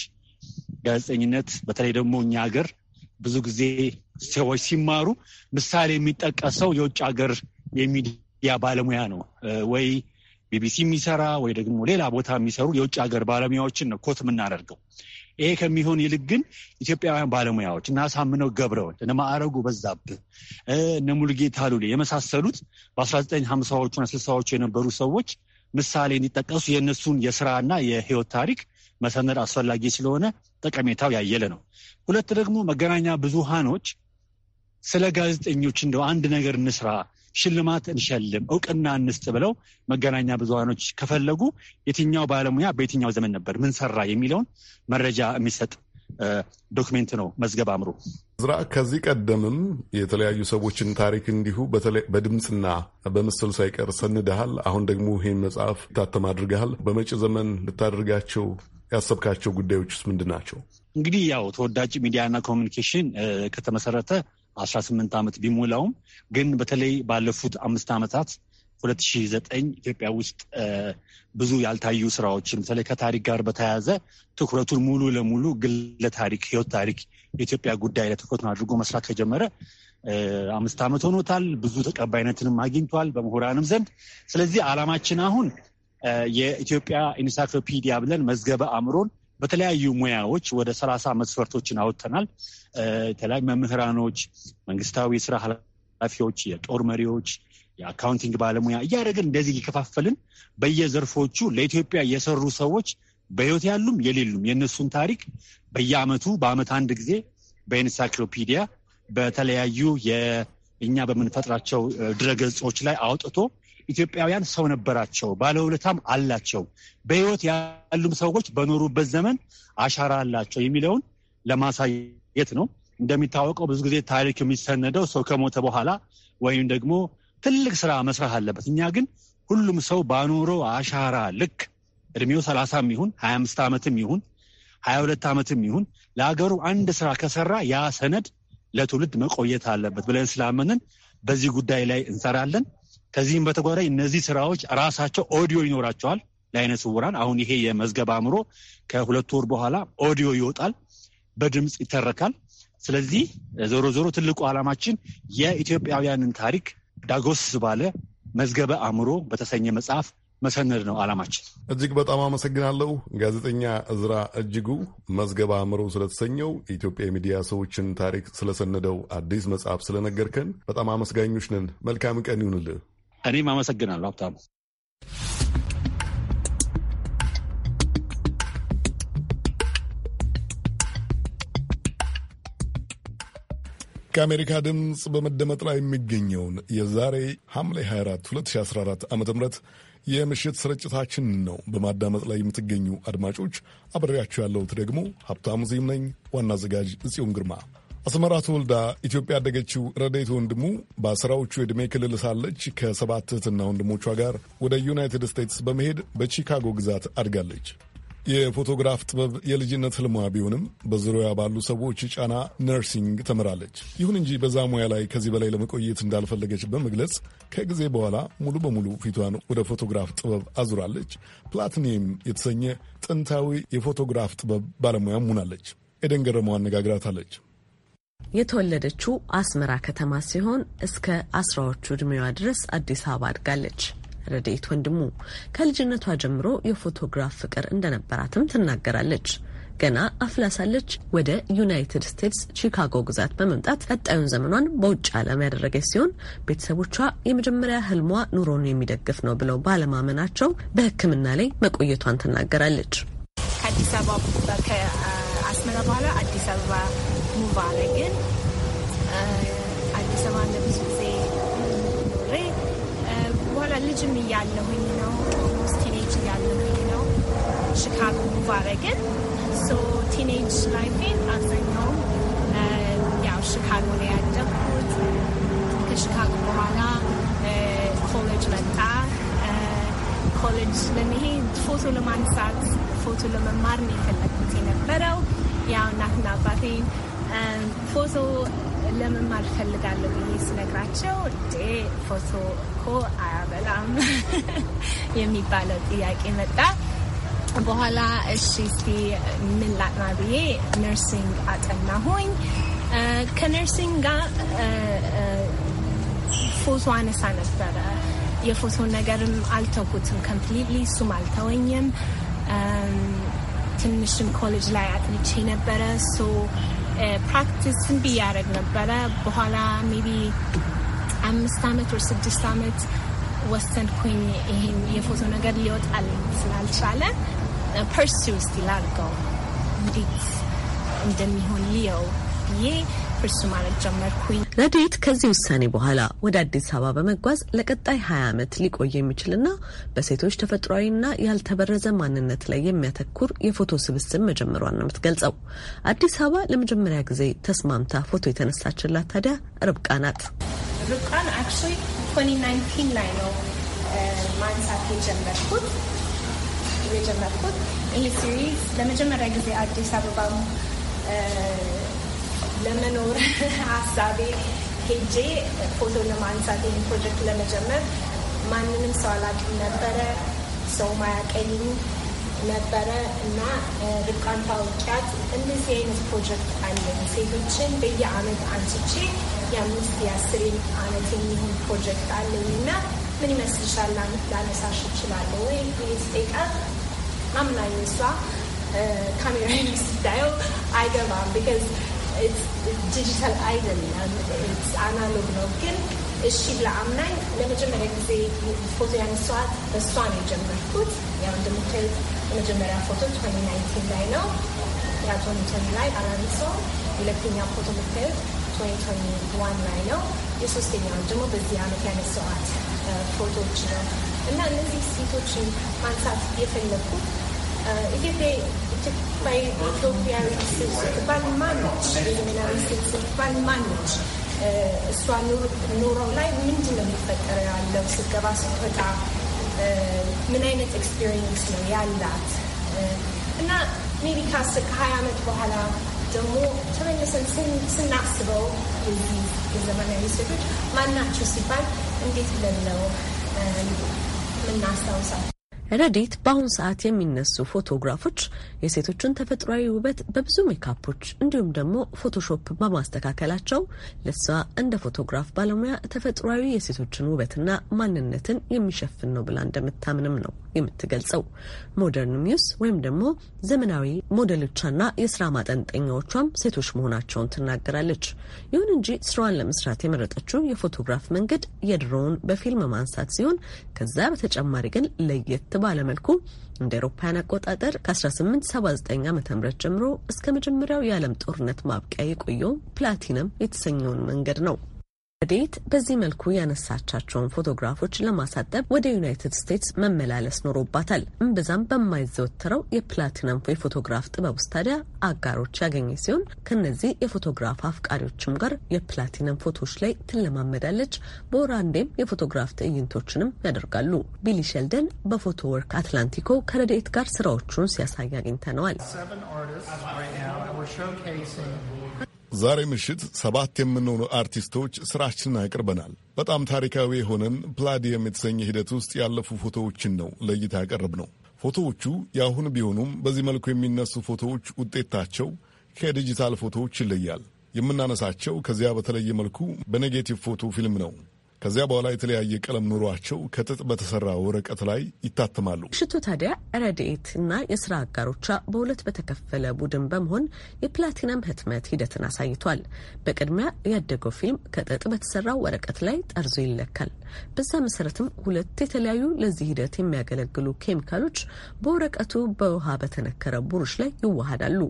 ጋዜጠኝነት በተለይ ደግሞ እኛ ሀገር ብዙ ጊዜ ሰዎች ሲማሩ ምሳሌ የሚጠቀሰው የውጭ ሀገር የሚዲያ ባለሙያ ነው ወይ ቢቢሲ የሚሰራ ወይ ደግሞ ሌላ ቦታ የሚሰሩ የውጭ ሀገር ባለሙያዎችን ነው ኮት የምናደርገው። ይሄ ከሚሆን ይልቅ ግን ኢትዮጵያውያን ባለሙያዎች እና አሳምነው ገብረውን እነ ማዕረጉ በዛብህ እነ ሉሌ የመሳሰሉት በ1950ዎቹና ስልሳዎቹ የነበሩ ሰዎች ምሳሌ እንዲጠቀሱ የእነሱን የስራና የህይወት ታሪክ መሰነድ አስፈላጊ ስለሆነ ጠቀሜታው ያየለ ነው። ሁለት ደግሞ መገናኛ ብዙሃኖች ስለ ጋዜጠኞች እንደው አንድ ነገር እንስራ ሽልማት እንሸልም፣ እውቅና እንስጥ ብለው መገናኛ ብዙሃኖች ከፈለጉ የትኛው ባለሙያ በየትኛው ዘመን ነበር ምን ሰራ የሚለውን መረጃ የሚሰጥ ዶክሜንት ነው መዝገብ አምሮ ዝራ ከዚህ ቀደምም የተለያዩ ሰዎችን ታሪክ እንዲሁ በድምፅና በምስል ሳይቀር ሰንድሃል። አሁን ደግሞ ይህን መጽሐፍ ታተም አድርገሃል። በመጪ ዘመን ልታደርጋቸው ያሰብካቸው ጉዳዮች ውስጥ ምንድን ናቸው? እንግዲህ ያው ተወዳጅ ሚዲያና ኮሚኒኬሽን ከተመሰረተ አስራ ስምንት ዓመት ቢሞላውም ግን በተለይ ባለፉት አምስት ዓመታት ሁለት ሺህ ዘጠኝ ኢትዮጵያ ውስጥ ብዙ ያልታዩ ስራዎችን በተለይ ከታሪክ ጋር በተያያዘ ትኩረቱን ሙሉ ለሙሉ ግለ ታሪክ ህይወት ታሪክ የኢትዮጵያ ጉዳይ ላይ ትኩረቱን አድርጎ መስራት ከጀመረ አምስት ዓመት ሆኖታል። ብዙ ተቀባይነትንም አግኝቷል በምሁራንም ዘንድ። ስለዚህ ዓላማችን አሁን የኢትዮጵያ ኢንሳይክሎፒዲያ ብለን መዝገበ አእምሮን በተለያዩ ሙያዎች ወደ ሰላሳ መስፈርቶችን አውጥተናል። የተለያዩ መምህራኖች፣ መንግስታዊ የስራ ኃላፊዎች፣ የጦር መሪዎች፣ የአካውንቲንግ ባለሙያ እያደረግን እንደዚህ እየከፋፈልን በየዘርፎቹ ለኢትዮጵያ የሰሩ ሰዎች በህይወት ያሉም የሌሉም የእነሱን ታሪክ በየአመቱ በአመት አንድ ጊዜ በኤንሳይክሎፒዲያ በተለያዩ የእኛ በምንፈጥራቸው ድረገጾች ላይ አውጥቶ ኢትዮጵያውያን ሰው ነበራቸው፣ ባለውለታም አላቸው፣ በህይወት ያሉም ሰዎች በኖሩበት ዘመን አሻራ አላቸው የሚለውን ለማሳየት ነው። እንደሚታወቀው ብዙ ጊዜ ታሪክ የሚሰነደው ሰው ከሞተ በኋላ ወይም ደግሞ ትልቅ ስራ መስራት አለበት። እኛ ግን ሁሉም ሰው ባኖሮ አሻራ ልክ እድሜው ሰላሳም ይሁን ሀያ አምስት ዓመትም ይሁን ሀያ ሁለት ዓመትም ይሁን ለሀገሩ አንድ ስራ ከሰራ ያ ሰነድ ለትውልድ መቆየት አለበት ብለን ስላመንን በዚህ ጉዳይ ላይ እንሰራለን። ከዚህም በተጓዳኝ እነዚህ ስራዎች ራሳቸው ኦዲዮ ይኖራቸዋል ለአይነ ስውራን። አሁን ይሄ የመዝገብ አእምሮ ከሁለት ወር በኋላ ኦዲዮ ይወጣል፣ በድምፅ ይተረካል። ስለዚህ ዞሮ ዞሮ ትልቁ ዓላማችን የኢትዮጵያውያንን ታሪክ ዳጎስ ባለ መዝገበ አእምሮ በተሰኘ መጽሐፍ መሰነድ ነው ዓላማችን። እጅግ በጣም አመሰግናለሁ ጋዜጠኛ እዝራ እጅጉ መዝገበ አእምሮ ስለተሰኘው ኢትዮጵያ የሚዲያ ሰዎችን ታሪክ ስለሰነደው አዲስ መጽሐፍ ስለነገርከን በጣም አመስጋኞች ነን። መልካም ቀን ይሁንልህ። እኔም አመሰግናለሁ ሀብታሙ። ከአሜሪካ ድምፅ በመደመጥ ላይ የሚገኘውን የዛሬ ሐምሌ 24 2014 ዓ ም የምሽት ስርጭታችን ነው በማዳመጥ ላይ የምትገኙ አድማጮች። አብሬያችሁ ያለሁት ደግሞ ሀብታሙ ዚም ነኝ። ዋና አዘጋጅ ጽዮን ግርማ አስመራ ተወልዳ ኢትዮጵያ ያደገችው ረዴት ወንድሙ በአስራዎቹ ዕድሜ ክልል ሳለች ከሰባት እህትና ወንድሞቿ ጋር ወደ ዩናይትድ ስቴትስ በመሄድ በቺካጎ ግዛት አድጋለች። የፎቶግራፍ ጥበብ የልጅነት ህልሟ ቢሆንም በዙሪያ ባሉ ሰዎች ጫና ነርሲንግ ተምራለች። ይሁን እንጂ በዛ ሙያ ላይ ከዚህ በላይ ለመቆየት እንዳልፈለገች በመግለጽ ከጊዜ በኋላ ሙሉ በሙሉ ፊቷን ወደ ፎቶግራፍ ጥበብ አዙራለች። ፕላቲኒየም የተሰኘ ጥንታዊ የፎቶግራፍ ጥበብ ባለሙያም ሆናለች። ኤደን ገረመው አነጋግራታለች። የተወለደችው አስመራ ከተማ ሲሆን እስከ አስራዎቹ እድሜዋ ድረስ አዲስ አበባ አድጋለች። ረዴት ወንድሙ ከልጅነቷ ጀምሮ የፎቶግራፍ ፍቅር እንደነበራትም ትናገራለች። ገና አፍላ ሳለች ወደ ዩናይትድ ስቴትስ ቺካጎ ግዛት በመምጣት ቀጣዩን ዘመኗን በውጭ ዓለም ያደረገች ሲሆን ቤተሰቦቿ የመጀመሪያ ህልሟ ኑሮን የሚደግፍ ነው ብለው ባለማመናቸው በሕክምና ላይ መቆየቷን ትናገራለች። ከአዲስ አበባ ከአስመራ በኋላ አዲስ አበባ ባለ ግን አዲስ አበባ ለብዙ ጊዜ ኖሬ በኋላ ልጅም እያለሁኝ ነው ቲኔጅ እያለሁኝ ነው ሽካጎ ሙቭ አረግን። ሶ ቲኔጅ ላይፌን አብዛኛውም ያው ሽካጎ ነው ያደኩት። ከሽካጎ በኋላ ኮሌጅ መጣ። ኮሌጅ ለመሄድ ፎቶ ለማንሳት ፎቶ ለመማር ነው የፈለግኩት የነበረው ያው እናትና አባቴ ፎቶ ለመማር ፈልጋለሁ ብዬ ስነግራቸው እንዴ ፎቶ እኮ አያበላም የሚባለው ጥያቄ መጣ። በኋላ እሺ እስቲ ምን ላጥና ብዬ ነርሲንግ አጠናሁኝ። ከነርሲንግ ጋር ፎቶ አነሳ ነበረ። የፎቶ ነገርም አልተውኩትም ኮምፕሊትሊ፣ እሱም አልተወኝም። ትንሽም ኮሌጅ ላይ አጥንቼ ነበረ ሶ ፕራክቲስ uh, ዝም ነበረ። በኋላ ሜቢ አምስት አመት ወር ስድስት አመት ወሰንኩኝ። ይሄ የፎቶ ነገር ሊወጣል ስላልቻለ ፐርሱ ውስጥ አድርገው እንዴት እንደሚሆን ልየው ብዬ እርሱ ማለት ጀመርኩኝ። ረድኤት ከዚህ ውሳኔ በኋላ ወደ አዲስ አበባ በመጓዝ ለቀጣይ 20 ዓመት ሊቆይ የሚችልና በሴቶች ተፈጥሯዊና ያልተበረዘ ማንነት ላይ የሚያተኩር የፎቶ ስብስብ መጀመሯን ነው የምትገልጸው። አዲስ አበባ ለመጀመሪያ ጊዜ ተስማምታ ፎቶ የተነሳችላት ታዲያ ርብቃ ናት። ርብቃን አክቹዋሊ 2019 ላይ ነው ማንሳት የጀመርኩት የጀመርኩት ይህ ሲሪዝ ለመጀመሪያ ጊዜ አዲስ አበባ ለመኖር ሀሳቤ ሄጄ ፎቶ ለማንሳት ይህን ፕሮጀክት ለመጀመር ማንንም ሰው አላውቅም ነበረ። ሰው ማያቀኝም ነበረ እና ርብቃን ታውቂያት፣ እንደዚህ አይነት ፕሮጀክት አለን ሴቶችን በየአመት አንስቼ የአምስት የአስሬ አመት የሚሆን ፕሮጀክት አለኝ እና ምን ይመስልሻል ላነሳሽ እችላለሁ ወይ ስጠይቃት አምናኝ እሷ ካሜራ ስታየው አይገባም ቢካዝ ዲጂታል አይደለም፣ አናሎግ ነው። ግን እሺ ብላ አምናኝ ለመጀመሪያ ጊዜ ፎቶ ያነሳዋት በእሷ ነው የጀመርኩት። ያው እንደምታዩት የመጀመሪያ ፎቶ ትዌንቲ ናይንቲን ላይ ነው ያቶኒተን ላይ አላንሶ። ሁለተኛ ፎቶ የምታዩት ትዌንቲ ትዌንቲ ዋን ላይ ነው። የሶስተኛውን ደግሞ በዚህ አመት ያነሳኋት ፎቶዎች ነው እና እነዚህ ሴቶችን ማንሳት የፈለግኩት ኢትዮጵያ እጅግ በኢትዮጵያዊት ስትባል ማነች? የዘመናዊ ስትባል ማነች? እሷ ኑሮ ላይ ምንድን ነው የሚፈጠረው ያለው? ስትገባ ስትወጣ ምን አይነት ኤክስፒሪየንስ ነው ያላት? እና ሜቢ ከአስር ከሀያ ዓመት በኋላ ደግሞ ተመልሰን ስናስበው የዘመናዊ ሴቶች ማናቸው ሲባል እንዴት ብለን ነው የምናስታውሳቸው? ረዴት በአሁኑ ሰዓት የሚነሱ ፎቶግራፎች የሴቶችን ተፈጥሯዊ ውበት በብዙ ሜካፖች እንዲሁም ደግሞ ፎቶሾፕ በማስተካከላቸው ለሷ እንደ ፎቶግራፍ ባለሙያ ተፈጥሯዊ የሴቶችን ውበትና ማንነትን የሚሸፍን ነው ብላ እንደምታምንም ነው የምትገልጸው። ሞደርን ሚውስ ወይም ደግሞ ዘመናዊ ሞዴሎቿና የስራ ማጠንጠኛዎቿም ሴቶች መሆናቸውን ትናገራለች። ይሁን እንጂ ስራዋን ለመስራት የመረጠችው የፎቶግራፍ መንገድ የድሮውን በፊልም ማንሳት ሲሆን ከዛ በተጨማሪ ግን ለየት ባለመልኩ እንደ ኤሮፓያን አቆጣጠር ከ1879 ዓ ም ጀምሮ እስከ መጀመሪያው የዓለም ጦርነት ማብቂያ የቆየው ፕላቲነም የተሰኘውን መንገድ ነው። ረዴት በዚህ መልኩ ያነሳቻቸውን ፎቶግራፎች ለማሳጠብ ወደ ዩናይትድ ስቴትስ መመላለስ ኖሮባታል። እምብዛም በማይዘወተረው የፕላቲነም የፎቶግራፍ ጥበብ ውስጥ ታዲያ አጋሮች ያገኘ ሲሆን ከነዚህ የፎቶግራፍ አፍቃሪዎችም ጋር የፕላቲነም ፎቶዎች ላይ ትለማመዳለች። በወር አንዴም የፎቶግራፍ ትዕይንቶችንም ያደርጋሉ። ቢሊ ሸልደን በፎቶ ወርክ አትላንቲኮ ከረዴት ጋር ስራዎቹን ሲያሳይ አግኝተነዋል። ዛሬ ምሽት ሰባት የምንሆኑ አርቲስቶች ስራችንን አቅርበናል። በጣም ታሪካዊ የሆነን ፕላዲየም የተሰኘ ሂደት ውስጥ ያለፉ ፎቶዎችን ነው ለእይታ ያቀርብ ነው። ፎቶዎቹ የአሁን ቢሆኑም በዚህ መልኩ የሚነሱ ፎቶዎች ውጤታቸው ከዲጂታል ፎቶዎች ይለያል። የምናነሳቸው ከዚያ በተለየ መልኩ በኔጌቲቭ ፎቶ ፊልም ነው። ከዚያ በኋላ የተለያየ ቀለም ኑሯቸው ከጥጥ በተሰራ ወረቀት ላይ ይታተማሉ። ሽቶ ታዲያ ረድኤት እና የስራ አጋሮቿ በሁለት በተከፈለ ቡድን በመሆን የፕላቲነም ህትመት ሂደትን አሳይቷል። በቅድሚያ ያደገው ፊልም ከጥጥ በተሰራው ወረቀት ላይ ጠርዞ ይለካል። በዛ መሰረትም ሁለት የተለያዩ ለዚህ ሂደት የሚያገለግሉ ኬሚካሎች በወረቀቱ በውሃ በተነከረ ቡሩሽ ላይ ይዋሃዳሉ።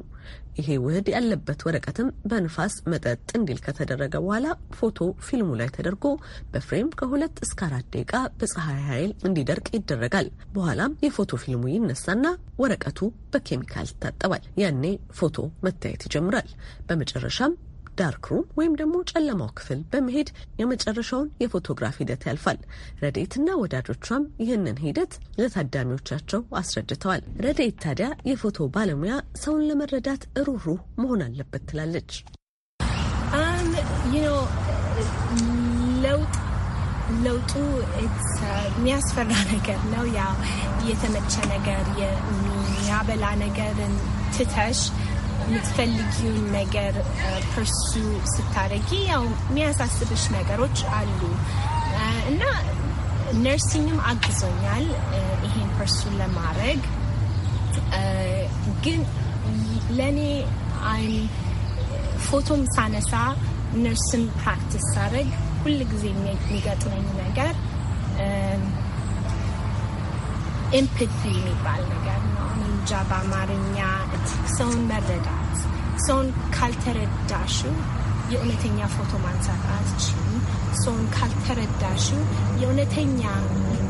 ይሄ ውህድ ያለበት ወረቀትም በንፋስ መጠጥ እንዲል ከተደረገ በኋላ ፎቶ ፊልሙ ላይ ተደርጎ በፍሬም ከሁለት እስከ አራት ደቂቃ በፀሐይ ኃይል እንዲደርቅ ይደረጋል። በኋላም የፎቶ ፊልሙ ይነሳና ወረቀቱ በኬሚካል ይታጠባል። ያኔ ፎቶ መታየት ይጀምራል። በመጨረሻም ዳርክ ወይም ደግሞ ጨለማው ክፍል በመሄድ የመጨረሻውን የፎቶግራፍ ሂደት ያልፋል። ረዴትና ወዳጆቿም ይህንን ሂደት ለታዳሚዎቻቸው አስረድተዋል። ረዴት ታዲያ የፎቶ ባለሙያ ሰውን ለመረዳት ሩህሩህ መሆን አለበት ትላለች። um, ለውጥ ለውጡ uh, የሚያስፈራ ነገር ነው። ያው የተመቸ ነገር የሚያበላ ነገርን ትተሽ የምትፈልጊውን ነገር ፐርሱ ስታደርጊ ያው የሚያሳስብሽ ነገሮች አሉ እና ነርሲንግም አግዞኛል ይሄን ፐርሱን ለማድረግ ግን ለእኔ ፎቶም ሳነሳ ነርስን ፕራክቲስ ሳደርግ ሁል ጊዜ የሚገጥመኝ ነገር ኤምፓቲ የሚባል ነገር ነው። እንጃ በአማርኛ ሰውን መረዳት። ሰውን ካልተረዳሹ የእውነተኛ ፎቶ ማንሳት አትችም። ሰውን ካልተረዳሹ የእውነተኛ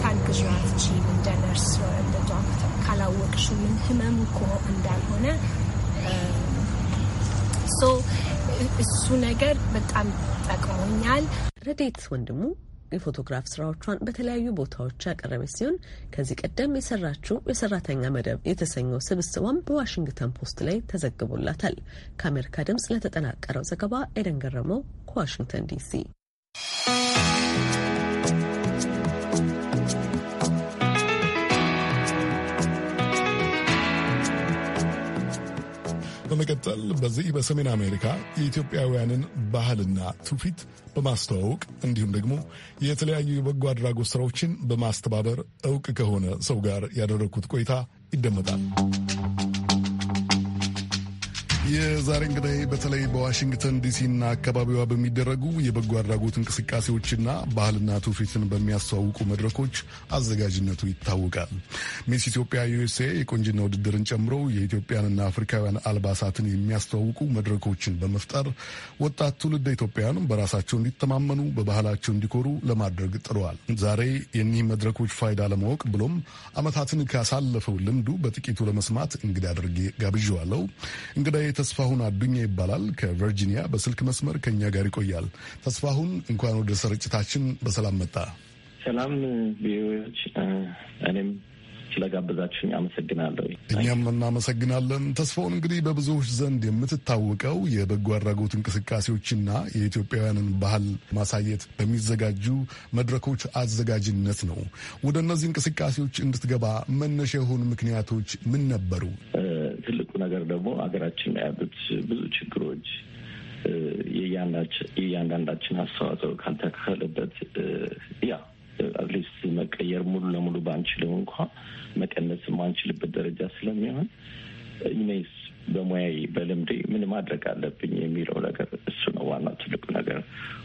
ታግዥ አትችም። እንደ ነርስ እንደ ዶክተር ካላወቅሽ ምን ህመም እኮ እንዳልሆነ እሱ ነገር በጣም ጠቅሞኛል። ረዴት ወንድሙ የፎቶግራፍ ስራዎቿን በተለያዩ ቦታዎች ያቀረበች ሲሆን ከዚህ ቀደም የሰራችው የሰራተኛ መደብ የተሰኘው ስብስቧም በዋሽንግተን ፖስት ላይ ተዘግቦላታል። ከአሜሪካ ድምጽ ለተጠናቀረው ዘገባ ኤደን ገረመው ከዋሽንግተን ዲሲ በመቀጠል በዚህ በሰሜን አሜሪካ የኢትዮጵያውያንን ባህልና ትውፊት በማስተዋወቅ እንዲሁም ደግሞ የተለያዩ የበጎ አድራጎት ስራዎችን በማስተባበር እውቅ ከሆነ ሰው ጋር ያደረግኩት ቆይታ ይደመጣል። የዛሬ እንግዲህ በተለይ በዋሽንግተን ዲሲና አካባቢዋ በሚደረጉ የበጎ አድራጎት እንቅስቃሴዎችና ባህልና ትውፊትን በሚያስተዋውቁ መድረኮች አዘጋጅነቱ ይታወቃል። ሚስ ኢትዮጵያ ዩኤስኤ የቆንጅና ውድድርን ጨምሮ የኢትዮጵያንና አፍሪካውያን አልባሳትን የሚያስተዋውቁ መድረኮችን በመፍጠር ወጣት ትውልደ ኢትዮጵያውያን በራሳቸው እንዲተማመኑ፣ በባህላቸው እንዲኮሩ ለማድረግ ጥረዋል። ዛሬ የኒህ መድረኮች ፋይዳ ለማወቅ ብሎም ዓመታትን ካሳለፈው ልምዱ በጥቂቱ ለመስማት እንግዳ አድርጌ ጋብዣዋለሁ። እንግዳ ተስፋሁን አዱኛ ይባላል። ከቨርጂኒያ በስልክ መስመር ከእኛ ጋር ይቆያል። ተስፋሁን እንኳን ወደ ስርጭታችን በሰላም መጣ። ሰላም ቪኦኤዎች፣ እኔም ስለጋበዛችሁኝ አመሰግናለሁ። እኛም እናመሰግናለን። ተስፋውን እንግዲህ በብዙዎች ዘንድ የምትታወቀው የበጎ አድራጎት እንቅስቃሴዎችና የኢትዮጵያውያንን ባህል ማሳየት በሚዘጋጁ መድረኮች አዘጋጅነት ነው። ወደ እነዚህ እንቅስቃሴዎች እንድትገባ መነሻ የሆኑ ምክንያቶች ምን ነበሩ? ትልቁ ነገር ሀገራችን ያሉት ብዙ ችግሮች የእያንዳንዳችን አስተዋጽኦ ካልተካከለበት ያ አትሊስት መቀየር ሙሉ ለሙሉ ባንችልም እንኳ መቀነስ ማንችልበት ደረጃ ስለሚሆን ኢሜይስ በሙያዬ በልምዴ ምን ማድረግ አለብኝ የሚለው ነገር እሱ ነው ዋናው ትልቁ ነገር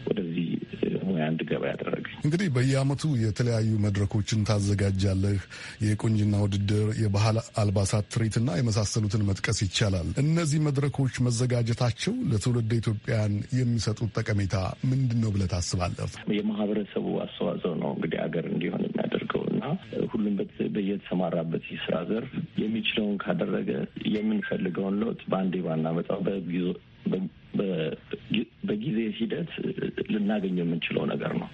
ወደዚህ ሙያ እንድገባ ያደረገኝ። እንግዲህ በየዓመቱ የተለያዩ መድረኮችን ታዘጋጃለህ። የቁንጅና ውድድር፣ የባህል አልባሳት እና የመሳሰሉትን መጥቀስ ይቻላል። እነዚህ መድረኮች መዘጋጀታቸው ለትውልድ ኢትዮጵያን የሚሰጡት ጠቀሜታ ምንድን ነው ብለህ ታስባለህ? የማህበረሰቡ አስተዋጽኦ ነው እንግዲህ አገር እንዲሆን ሁሉም በየተሰማራበት ስራ ዘርፍ የሚችለውን ካደረገ የምንፈልገውን ለውጥ በአንዴ ባናመጣው በጊዜ ሂደት ልናገኘው የምንችለው ነገር ነው።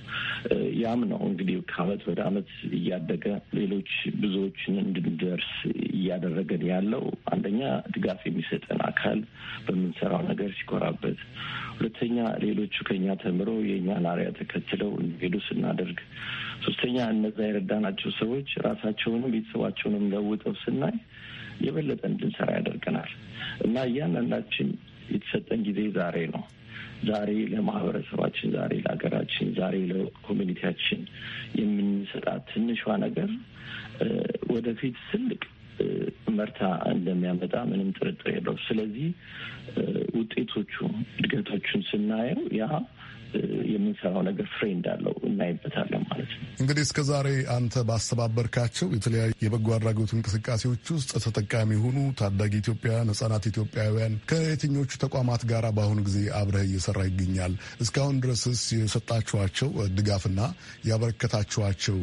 ያም ነው እንግዲህ ከአመት ወደ አመት እያደገ ሌሎች ብዙዎችን እንድንደርስ እያደረገን ያለው አንደኛ ድጋፍ የሚሰጠን አካል በምንሰራው ነገር ሲኮራበት፣ ሁለተኛ ሌሎቹ ከኛ ተምሮ የእኛን አርአያ ተከትለው እንዲሄዱ ስናደርግ፣ ሶስተኛ እነዛ የረዳናቸው ሰዎች ራሳቸውንም ቤተሰባቸውንም ለውጠው ስናይ የበለጠ እንድንሰራ ያደርገናል እና እያንዳንዳችን የተሰጠን ጊዜ ዛሬ ነው። ዛሬ ለማህበረሰባችን፣ ዛሬ ለሀገራችን፣ ዛሬ ለኮሚኒቲያችን የምንሰጣት ትንሿ ነገር ወደፊት ትልቅ መርታ እንደሚያመጣ ምንም ጥርጥር የለው። ስለዚህ ውጤቶቹ እድገቶቹን ስናየው ያ የምንሰራው ነገር ፍሬ እንዳለው እናይበታለን ማለት ነው። እንግዲህ እስከ ዛሬ አንተ ባስተባበርካቸው የተለያዩ የበጎ አድራጎት እንቅስቃሴዎች ውስጥ ተጠቃሚ የሆኑ ታዳጊ ኢትዮጵያውያን፣ ህጻናት ኢትዮጵያውያን ከየትኞቹ ተቋማት ጋር በአሁኑ ጊዜ አብረህ እየሰራ ይገኛል? እስካሁን ድረስስ የሰጣችኋቸው ድጋፍና ያበረከታችኋቸው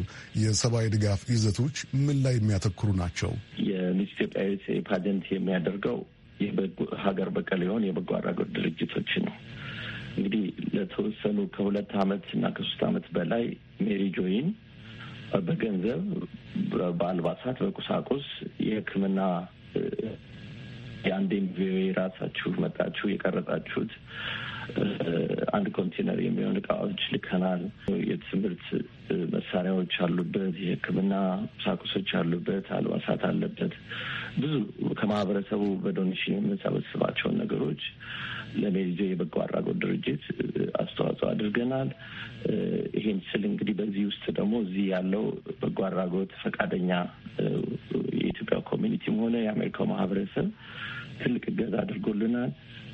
የሰብአዊ ድጋፍ ይዘቶች ምን ላይ የሚያተኩሩ ናቸው? የሚስ ኢትዮጵያዊ ፓጀንት የሚያደርገው ሀገር በቀል የሆን የበጎ አድራጎት ድርጅቶች ነው። እንግዲህ ለተወሰኑ ከሁለት አመት እና ከሶስት አመት በላይ ሜሪ ጆይን በገንዘብ በአልባሳት፣ በቁሳቁስ የሕክምና የአንዴም ቪኦኤ ራሳችሁ መጣችሁ የቀረጣችሁት አንድ ኮንቴነር የሚሆን እቃዎች ልከናል። የትምህርት መሳሪያዎች አሉበት፣ የሕክምና ቁሳቁሶች አሉበት፣ አልባሳት አለበት። ብዙ ከማህበረሰቡ በዶኔሽን የምንሰበስባቸውን ነገሮች ለሜሪዜ የበጎ አድራጎት ድርጅት አስተዋጽኦ አድርገናል። ይሄን ስል እንግዲህ በዚህ ውስጥ ደግሞ እዚህ ያለው በጎ አድራጎት ፈቃደኛ የኢትዮጵያ ኮሚኒቲም ሆነ የአሜሪካው ማህበረሰብ ትልቅ እገዛ አድርጎልናል።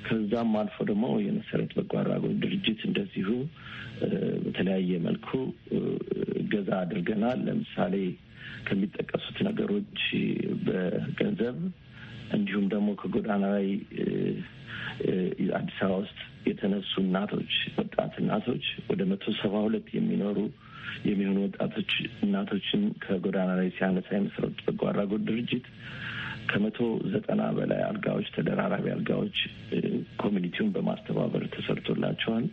ከዛም አልፎ ደግሞ የመሰረት በጎ አድራጎት ድርጅት እንደዚሁ በተለያየ መልኩ እገዛ አድርገናል። ለምሳሌ ከሚጠቀሱት ነገሮች በገንዘብ እንዲሁም ደግሞ ከጎዳና ላይ አዲስ አበባ ውስጥ የተነሱ እናቶች ወጣት እናቶች ወደ መቶ ሰባ ሁለት የሚኖሩ የሚሆኑ ወጣቶች እናቶችን ከጎዳና ላይ ሲያነሳ የመሰረት በጎ አድራጎት ድርጅት ከመቶ ዘጠና በላይ አልጋዎች፣ ተደራራቢ አልጋዎች ኮሚኒቲውን በማስተባበር ተሰርቶላቸዋል።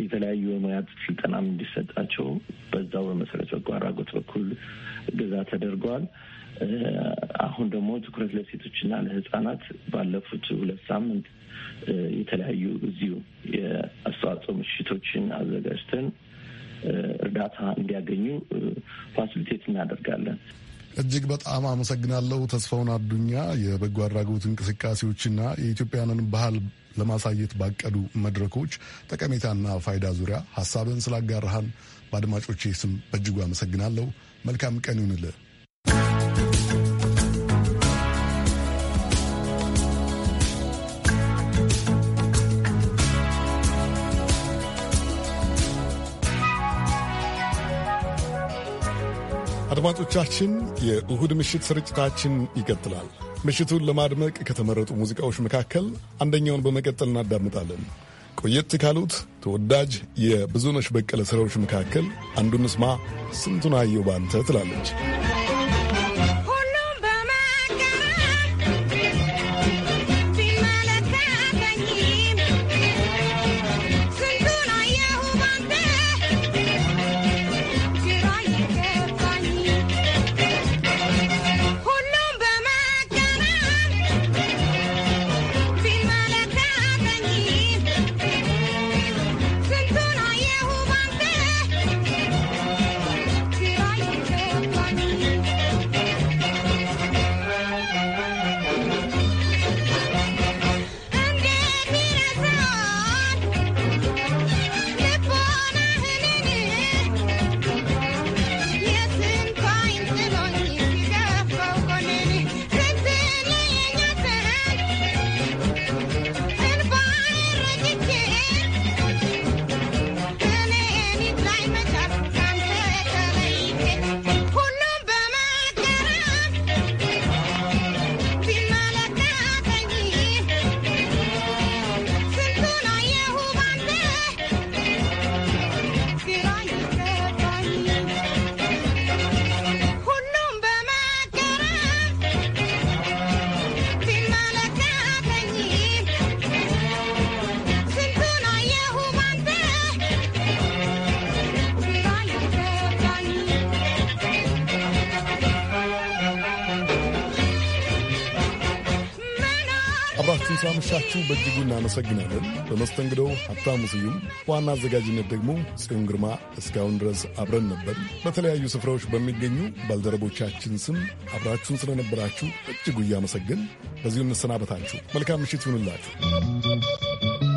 የተለያዩ የሙያ ስልጠናም እንዲሰጣቸው በዛው በመሰረት በጎ አድራጎት በኩል እገዛ ተደርጓል። አሁን ደግሞ ትኩረት ለሴቶችና ለህጻናት ባለፉት ሁለት ሳምንት የተለያዩ እዚሁ የአስተዋጽኦ ምሽቶችን አዘጋጅተን እርዳታ እንዲያገኙ ፋሲሊቴት እናደርጋለን። እጅግ በጣም አመሰግናለሁ። ተስፋውን አዱኛ የበጎ አድራጎት እንቅስቃሴዎችና የኢትዮጵያንን ባህል ለማሳየት ባቀዱ መድረኮች ጠቀሜታና ፋይዳ ዙሪያ ሀሳብን ስላጋርሃን በአድማጮቼ ስም በእጅጉ አመሰግናለሁ። መልካም ቀን ይሁንልህ። አድማጮቻችን፣ የእሁድ ምሽት ስርጭታችን ይቀጥላል። ምሽቱን ለማድመቅ ከተመረጡ ሙዚቃዎች መካከል አንደኛውን በመቀጠል እናዳምጣለን። ቆየት ካሉት ተወዳጅ የብዙነሽ በቀለ ስራዎች መካከል አንዱን ስማ፣ ስንቱን አየው ባንተ ትላለች። እናመሰግናለን። በመስተንግዶው ሀብታሙ ስዩም፣ ዋና አዘጋጅነት ደግሞ ጽዮን ግርማ። እስካሁን ድረስ አብረን ነበር። በተለያዩ ስፍራዎች በሚገኙ ባልደረቦቻችን ስም አብራችሁን ስለነበራችሁ እጅጉ እያመሰግን በዚሁ እንሰናበታችሁ። መልካም ምሽት ይሁንላችሁ።